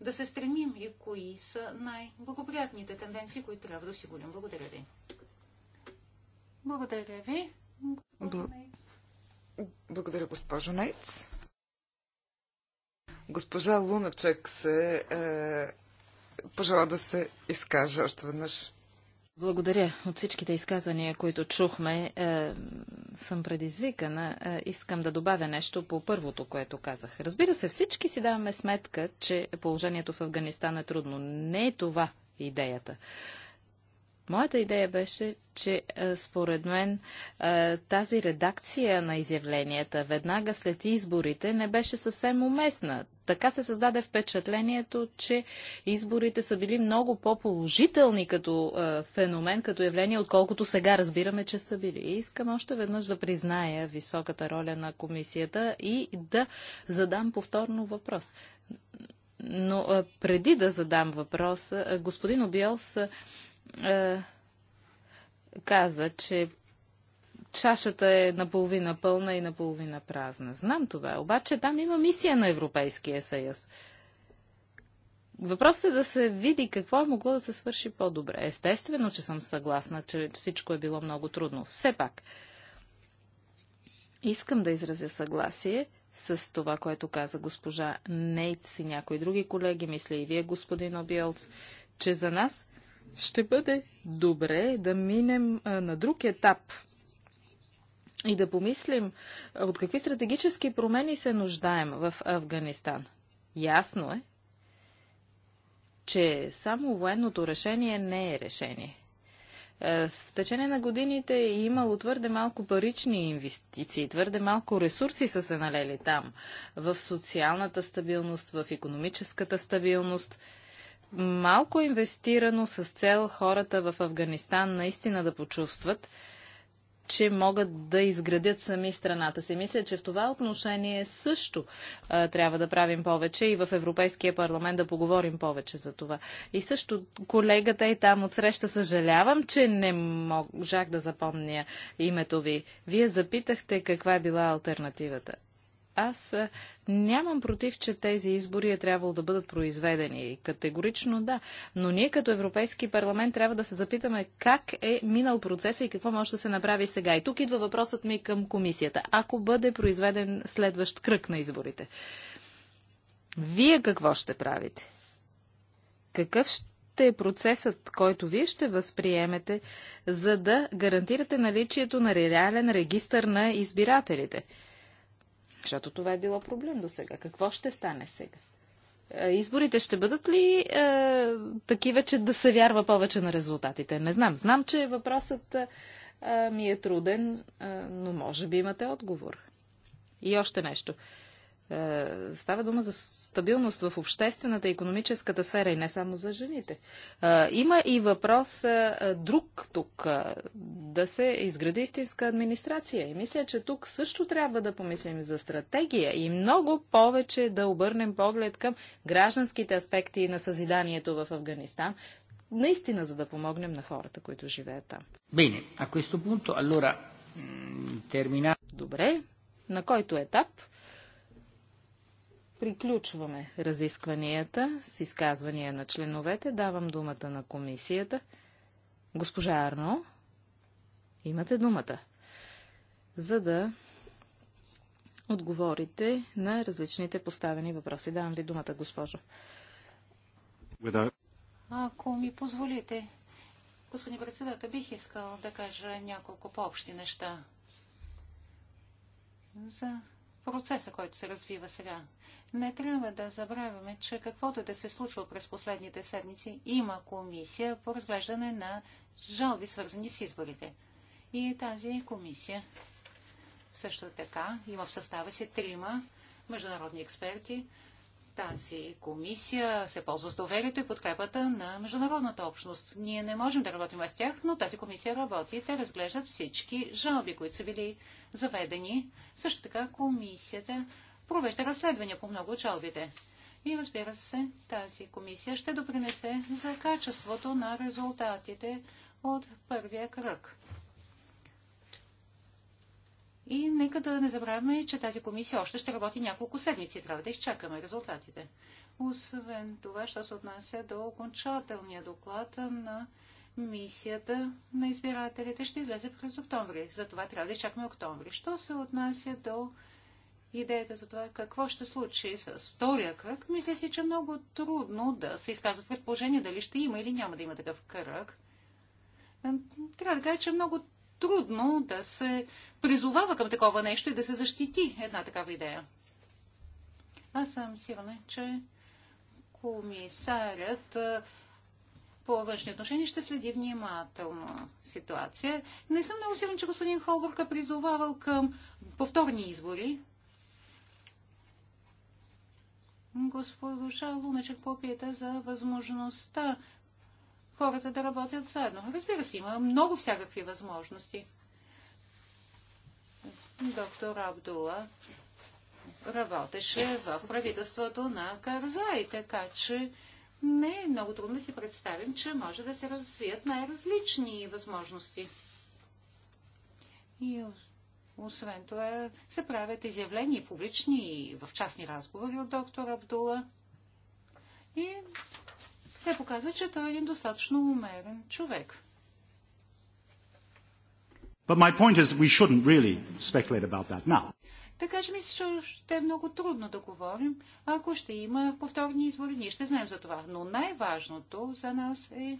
да се стремим и кои са най-благоприятните тенденции, които трябва да осигурим. Благодаря ви. Благодаря ви. Бл... Благодаря, госпожо Нейц. Госпожа Луначек се е, пожела да се изкаже още веднъж. Благодаря. От всичките изказвания, които чухме, е, съм предизвикана. Е, искам да добавя нещо по първото, което казах. Разбира се, всички си даваме сметка, че положението в Афганистан е трудно. Не е това идеята. Моята идея беше, че е, според мен е, тази редакция на изявленията веднага след изборите не беше съвсем уместна. Така се създаде впечатлението, че изборите са били много по-положителни като е, феномен, като явление, отколкото сега разбираме, че са били. И искам още веднъж да призная високата роля на комисията и да задам повторно въпрос. Но преди да задам въпрос, господин Обиос, е, каза, че чашата е наполовина пълна и наполовина празна. Знам това, обаче там има мисия на Европейския съюз. Въпросът е да се види какво е могло да се свърши по-добре. Естествено, че съм съгласна, че всичко е било много трудно. Все пак, искам да изразя съгласие с това, което каза госпожа Нейтс и някои други колеги, мисля и вие, господин Обиолс, че за нас ще бъде добре да минем на друг етап и да помислим от какви стратегически промени се нуждаем в Афганистан. Ясно е, че само военното решение не е решение. В течение на годините е имало твърде малко парични инвестиции, твърде малко ресурси са се налели там. В социалната стабилност, в економическата стабилност – малко инвестирано с цел хората в Афганистан наистина да почувстват, че могат да изградят сами страната си. Мисля, че в това отношение също а, трябва да правим повече и в Европейския парламент да поговорим повече за това. И също колегата и там от среща съжалявам, че не можах да запомня името ви. Вие запитахте каква е била альтернативата. Аз нямам против, че тези избори е трябвало да бъдат произведени. Категорично да. Но ние като Европейски парламент трябва да се запитаме как е минал процеса и какво може да се направи сега. И тук идва въпросът ми към комисията. Ако бъде произведен следващ кръг на изборите, вие какво ще правите? Какъв ще е процесът, който вие ще възприемете, за да гарантирате наличието на реален регистър на избирателите? Защото това е било проблем до сега. Какво ще стане сега? Е, изборите ще бъдат ли е, такива, че да се вярва повече на резултатите? Не знам. Знам, че въпросът е, е ми е труден, е, но може би имате отговор. И още нещо. Е, е, става дума за стабилност в обществената и економическата сфера и не само за жените. Е, има и въпрос е, друг тук, да се изгради истинска администрация. И мисля, че тук също трябва да помислим за стратегия и много повече да обърнем поглед към гражданските аспекти на съзиданието в Афганистан, наистина за да помогнем на хората, които живеят там. Бене, a questo punto, allora, termina... Добре, на който етап Приключваме разискванията с изказвания на членовете. Давам думата на комисията. Госпожа Арно, имате думата, за да отговорите на различните поставени въпроси. Давам ви думата, госпожо. Ако ми позволите, господин председател, бих искал да кажа няколко по-общи неща за процеса, който се развива сега. Не трябва да забравяме, че каквото да се случва през последните седмици, има комисия по разглеждане на жалби, свързани с изборите. И тази комисия също така има в състава си трима международни експерти. Тази комисия се ползва с доверието и подкрепата на международната общност. Ние не можем да работим с тях, но тази комисия работи и те разглеждат всички жалби, които са били заведени. Също така комисията провежда разследвания по много от жалбите. И разбира се, тази комисия ще допринесе за качеството на резултатите от първия кръг. И нека да не забравяме, че тази комисия още ще работи няколко седмици. Трябва да изчакаме резултатите. Освен това, що се отнася до окончателния доклад на мисията на избирателите ще излезе през октомври. Затова трябва да изчакаме октомври. Що се отнася до идеята за това какво ще случи с втория кръг, мисля си, че е много трудно да се изказват предположения дали ще има или няма да има такъв кръг. Е, трябва да кажа, че е много трудно да се призовава към такова нещо и да се защити една такава идея. Аз съм сигурна, че комисарят е, по външни отношения ще следи внимателно ситуация. Не съм много сигурна, че господин Холбърг е призовавал към повторни избори, Госпожа Луначек попита за възможността хората да работят заедно. Разбира се, има много всякакви възможности. Доктор Абдула работеше в правителството на Карзай, така че не е много трудно да си представим, че може да се развият най-различни възможности. И освен това се правят изявления публични и в частни разговори от доктор Абдула. И те показват, че той е един достатъчно умерен човек. But my point is we shouldn't really speculate about that now. Така че мисля, че ще е много трудно да говорим, ако ще има повторни избори. Ние ще знаем за това. Но най-важното за нас е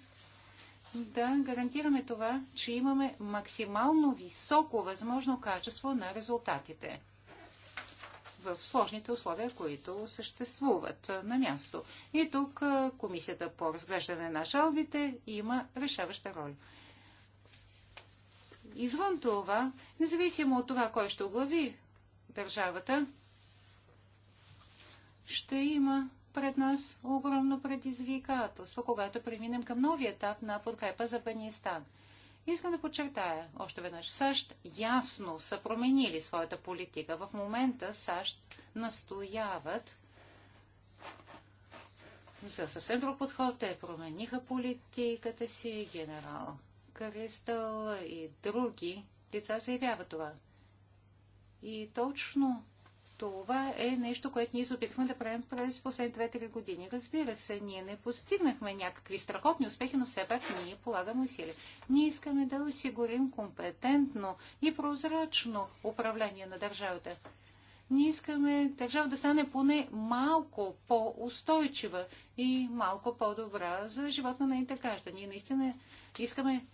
да гарантираме това, че имаме максимално високо възможно качество на резултатите в сложните условия, които съществуват на място. И тук Комисията по разглеждане на жалбите има решаваща роля. Извън това, независимо от това, кой ще оглави държавата, ще има пред нас огромно предизвикателство, когато преминем към новия етап на подкрепа за Афганистан. Искам да подчертая още веднъж. САЩ ясно са променили своята политика. В момента САЩ настояват за съвсем друг подход. Те промениха политиката си. Генерал Кристал и други лица заявяват това. И точно това е нещо, което ние се опитахме да правим през последните 2-3 години. Разбира се, ние не постигнахме някакви страхотни успехи, но все пак ние полагаме усилия. Ние искаме да осигурим компетентно и прозрачно управление на държавата. Ние искаме държава да стане поне малко по-устойчива и малко по-добра за живота на нейните граждани. Наистина искаме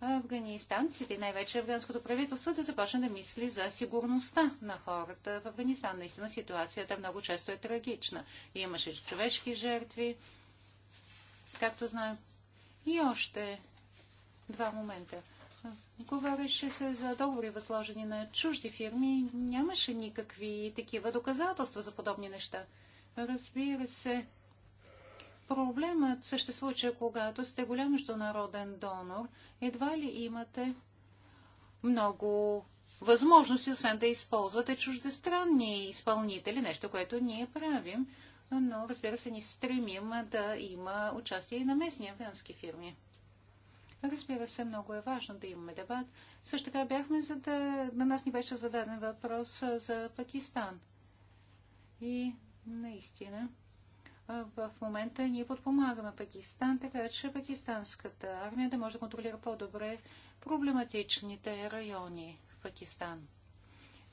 афганистанците, най-вече афганското правителство, да започне да мисли за сигурността на хората в Афганистан. Наистина ситуацията много често е трагична. Имаше човешки жертви, както знаем. И още два момента. Говореше се за договори, възложени на чужди фирми. Нямаше никакви такива доказателства за подобни неща. Разбира се, Проблемът съществува, че когато сте голям международен донор, едва ли имате много възможности, освен да използвате чуждестранни изпълнители, нещо, което ние правим, но разбира се, ни стремим да има участие и на местни афгански фирми. Разбира се, много е важно да имаме дебат. Също така бяхме, за да... на нас ни беше зададен въпрос за Пакистан. И наистина в момента ние подпомагаме Пакистан, така че пакистанската армия да може да контролира по-добре проблематичните райони в Пакистан.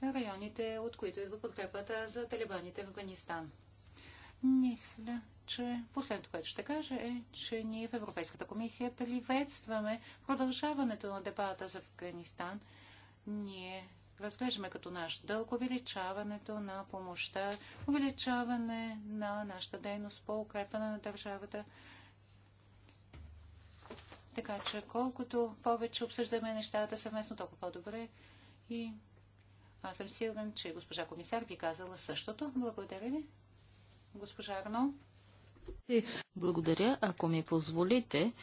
Районите, от които идва подкрепата за талибаните в Афганистан. Мисля, че последното, което ще кажа е, че ние в Европейската комисия приветстваме продължаването на дебата за Афганистан. Ние разглеждаме като наш дълг увеличаването на помощта, увеличаване на нашата дейност по укрепване на държавата. Така че колкото повече обсъждаме нещата съвместно, толкова по-добре. И аз съм сигурен, че госпожа комисар би казала същото. Благодаря ви. Госпожа Арно. Благодаря. Ако ми позволите,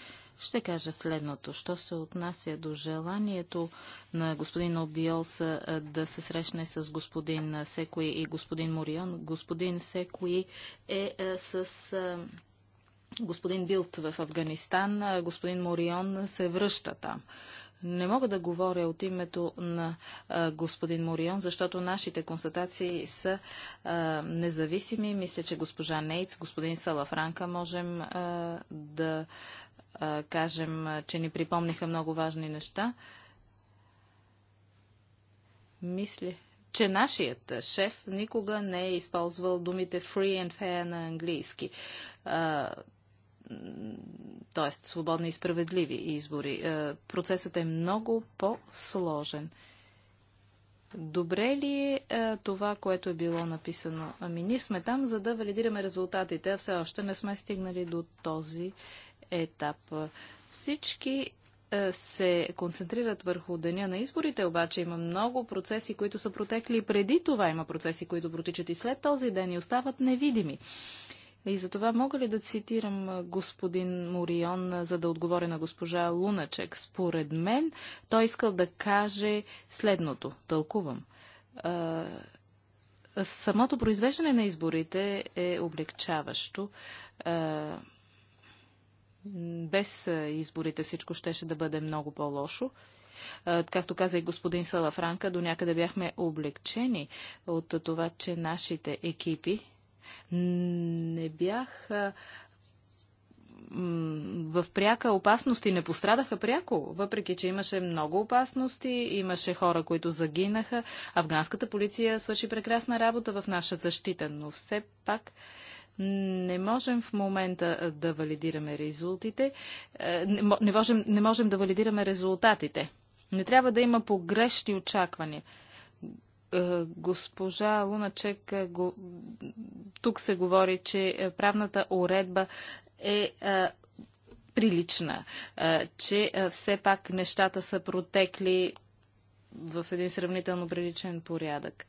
ще кажа следното. Що се отнася до желанието на господин Обиолса да се срещне с господин Секои и господин Морион, господин Секои е с господин Билт в Афганистан, господин Морион се връща там. Не мога да говоря от името на а, господин Морион, защото нашите констатации са а, независими. Мисля, че госпожа Нейц, господин Салафранка можем а, да кажем, че ни припомниха много важни неща. Мисля, че нашият шеф никога не е използвал думите free and fair на английски т.е. свободни и справедливи избори. Е, процесът е много по-сложен. Добре ли е, е това, което е било написано? Ами ние сме там, за да валидираме резултатите, а все още не сме стигнали до този етап. Всички е, се концентрират върху деня на изборите, обаче има много процеси, които са протекли преди това. Има процеси, които протичат и след този ден и остават невидими. И за това мога ли да цитирам господин Морион, за да отговоря на госпожа Луначек? Според мен той искал да каже следното. Тълкувам. самото произвеждане на изборите е облегчаващо. без изборите всичко щеше да бъде много по-лошо както каза и господин Салафранка, до някъде бяхме облегчени от това, че нашите екипи не бях в пряка опасност и не пострадаха пряко, въпреки че имаше много опасности, имаше хора, които загинаха. Афганската полиция свърши прекрасна работа в наша защита, но все пак не можем в момента да валидираме резултите, е, не можем, не можем да валидираме резултатите. Не трябва да има погрешни очаквания. Е, госпожа Луначек, е, тук се говори, че е, правната уредба е прилична, че все пак нещата са протекли в един сравнително приличен порядък.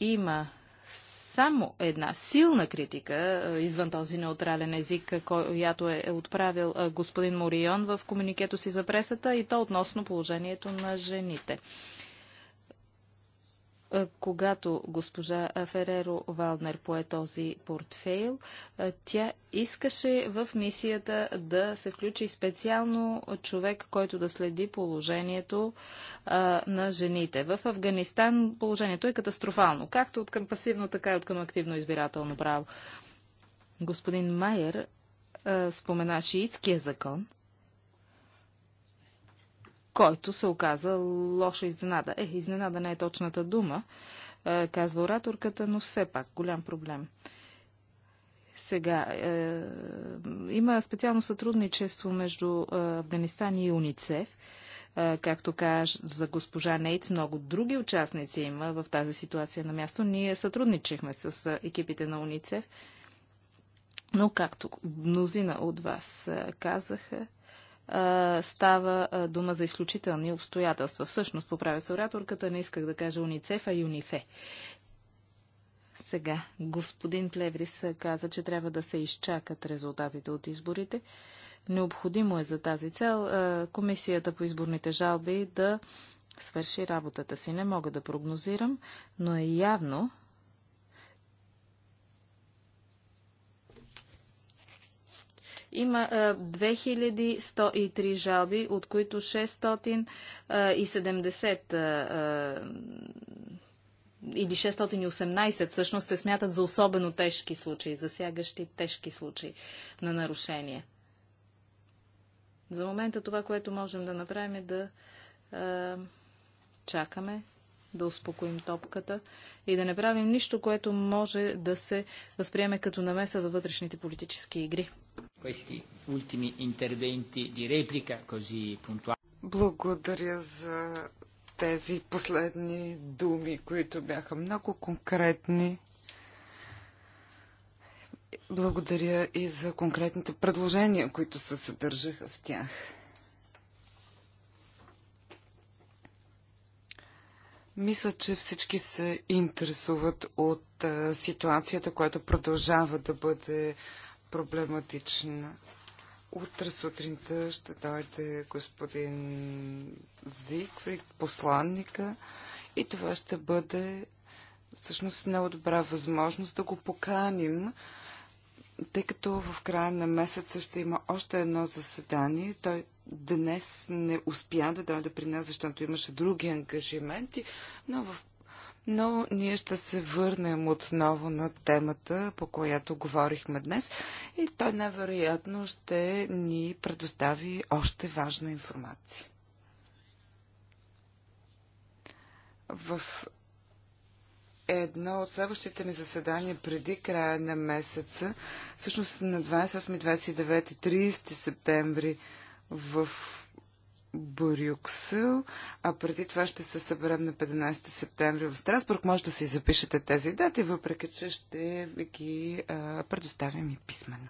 Има само една силна критика извън този неутрален език, която е отправил господин Морион в комуникето си за пресата и то относно положението на жените. Е, когато госпожа Фереро Валнер пое този портфейл, е, тя искаше в мисията да се включи специално човек, който да следи положението е, на жените. В Афганистан положението е катастрофално, както от към пасивно, така и от към активно избирателно право. Господин Майер спомена шиитския закон който се оказа лоша изненада. Е, изненада не е точната дума, е, казва ораторката, но все пак голям проблем. Сега, е, има специално сътрудничество между е, Афганистан и УНИЦЕФ. Е, както каже за госпожа Нейт, много други участници има в тази ситуация на място. Ние сътрудничихме с е, екипите на УНИЦЕФ, но както мнозина от вас казаха, става дума за изключителни обстоятелства. Всъщност, поправя се ораторката, не исках да кажа УНИЦЕФ, а ЮНИФЕ. Сега, господин Плеврис каза, че трябва да се изчакат резултатите от изборите. Необходимо е за тази цел комисията по изборните жалби да свърши работата си. Не мога да прогнозирам, но е явно, Има 2103 жалби, от които 670 или 618 всъщност се смятат за особено тежки случаи, засягащи тежки случаи на нарушение. За момента това, което можем да направим е да е, чакаме, да успокоим топката и да не правим нищо, което може да се възприеме като намеса във вътрешните политически игри questi ultimi interventi di replica così puntuali. Благодаря за тези последни думи, които бяха много конкретни. Благодаря и за конкретните предложения, които се съдържаха в тях. Мисля, че всички се интересуват от ситуацията, която продължава да бъде проблематична. Утре сутринта ще дойде господин Зигфрид, посланника, и това ще бъде всъщност много добра възможност да го поканим, тъй като в края на месеца ще има още едно заседание. Той днес не успя да дойде при нас, защото имаше други ангажименти, но в но ние ще се върнем отново на темата, по която говорихме днес и той най-вероятно ще ни предостави още важна информация. В едно от следващите ни заседания преди края на месеца, всъщност на 28, 29 и 30 септември в Брюксел, а преди това ще се съберем на 15 септември в Страсбург. Може да си запишете тези дати, въпреки че ще ги а, предоставим и писменно.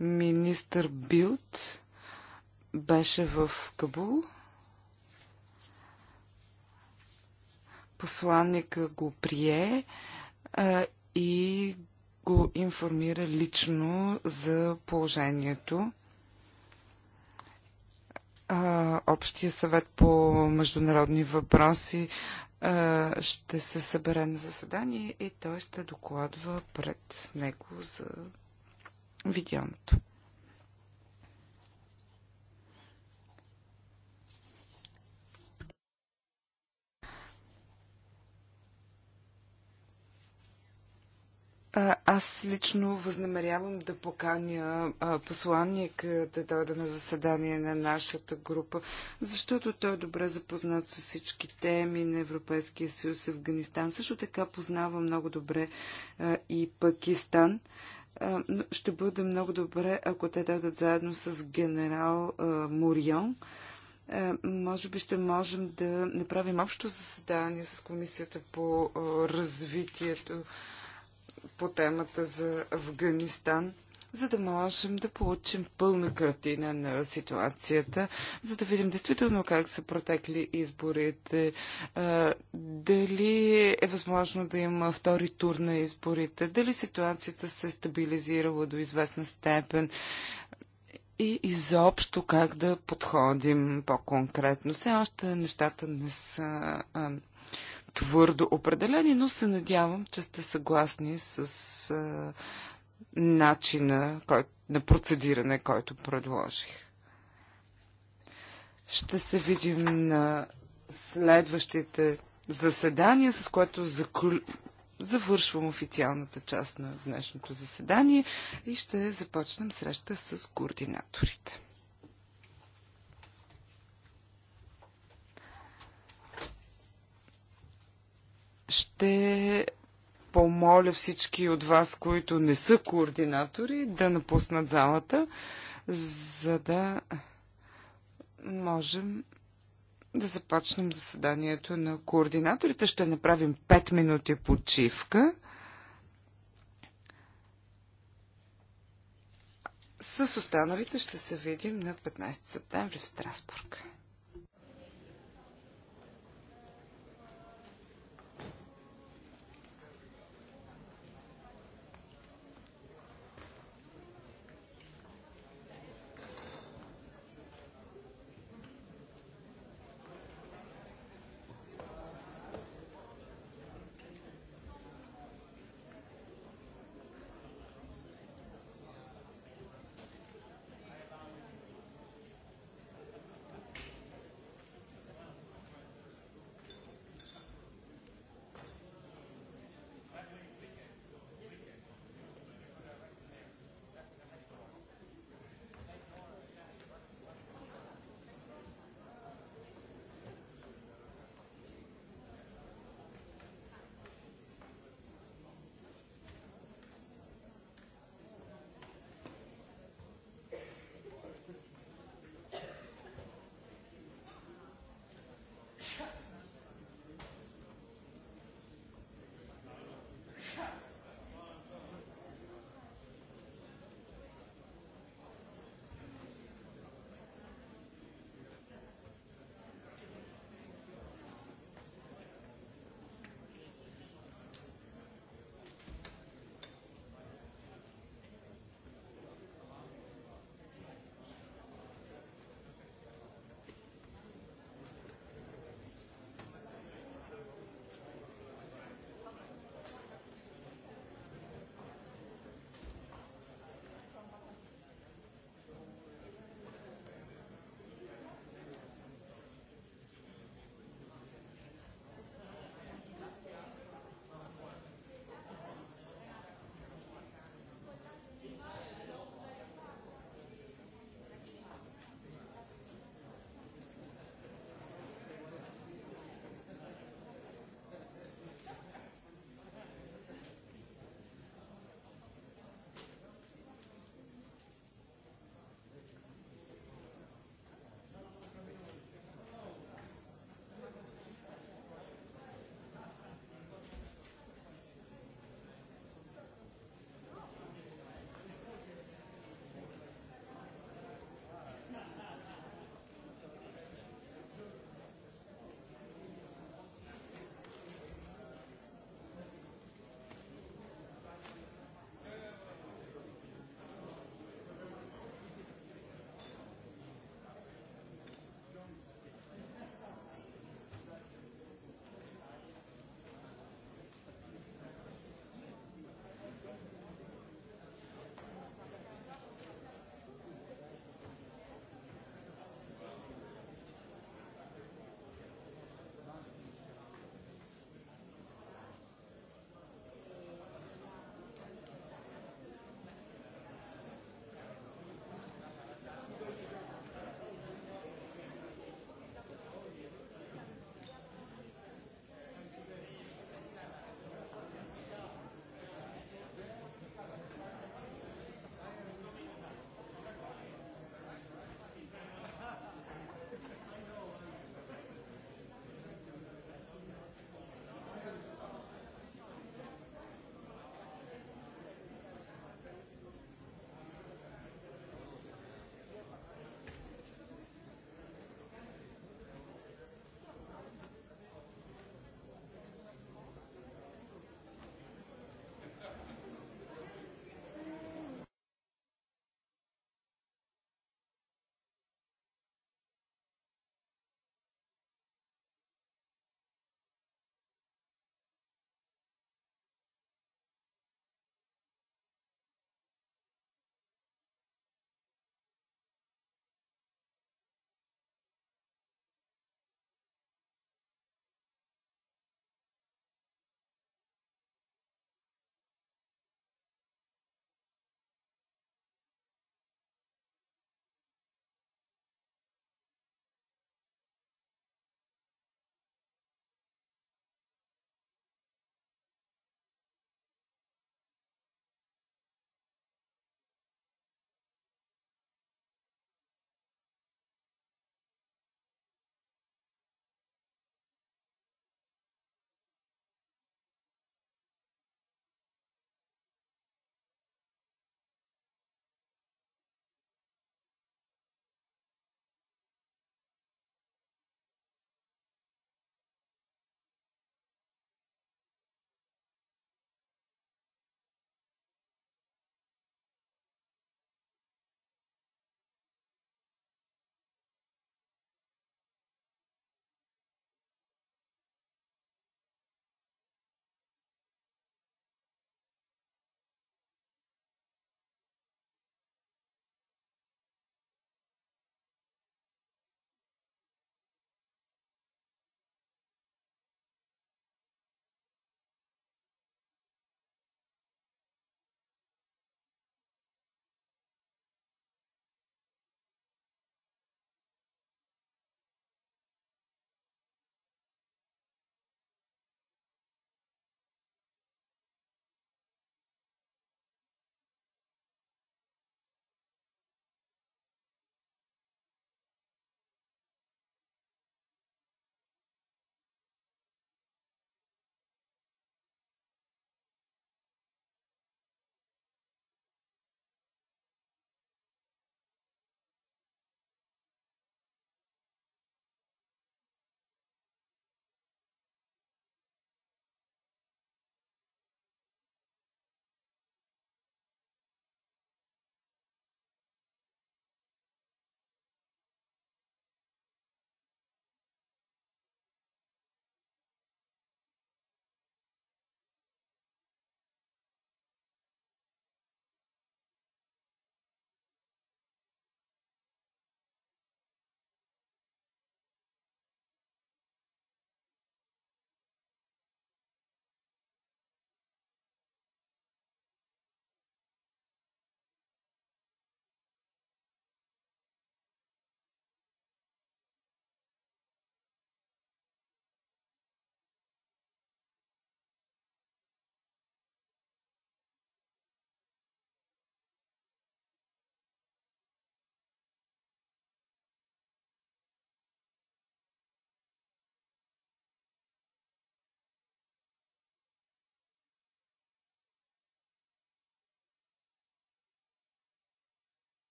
Министър Билт беше в Кабул. Посланника го прие а, и го информира лично за положението. Общия съвет по международни въпроси ще се събере на заседание и той ще докладва пред него за видяното. Аз лично възнамерявам да поканя посланник да дойде на заседание на нашата група, защото той е добре запознат с всички теми на Европейския съюз и Афганистан. Също така познава много добре и Пакистан. ще бъде много добре, ако те дойдат заедно с генерал Мурион. може би ще можем да направим общо заседание с Комисията по развитието по темата за Афганистан, за да можем да получим пълна картина на ситуацията, за да видим действително как са протекли изборите, дали е възможно да има втори тур на изборите, дали ситуацията се е стабилизирала до известна степен и изобщо как да подходим по-конкретно. Все още нещата не са твърдо определени, но се надявам, че сте съгласни с а, начина кой, на процедиране, който предложих. Ще се видим на следващите заседания, с което закл... завършвам официалната част на днешното заседание и ще започнем среща с координаторите. Ще помоля всички от вас, които не са координатори, да напуснат залата, за да можем да започнем заседанието на координаторите. Ще направим 5 минути почивка. С останалите ще се видим на 15 септември в Страсбург.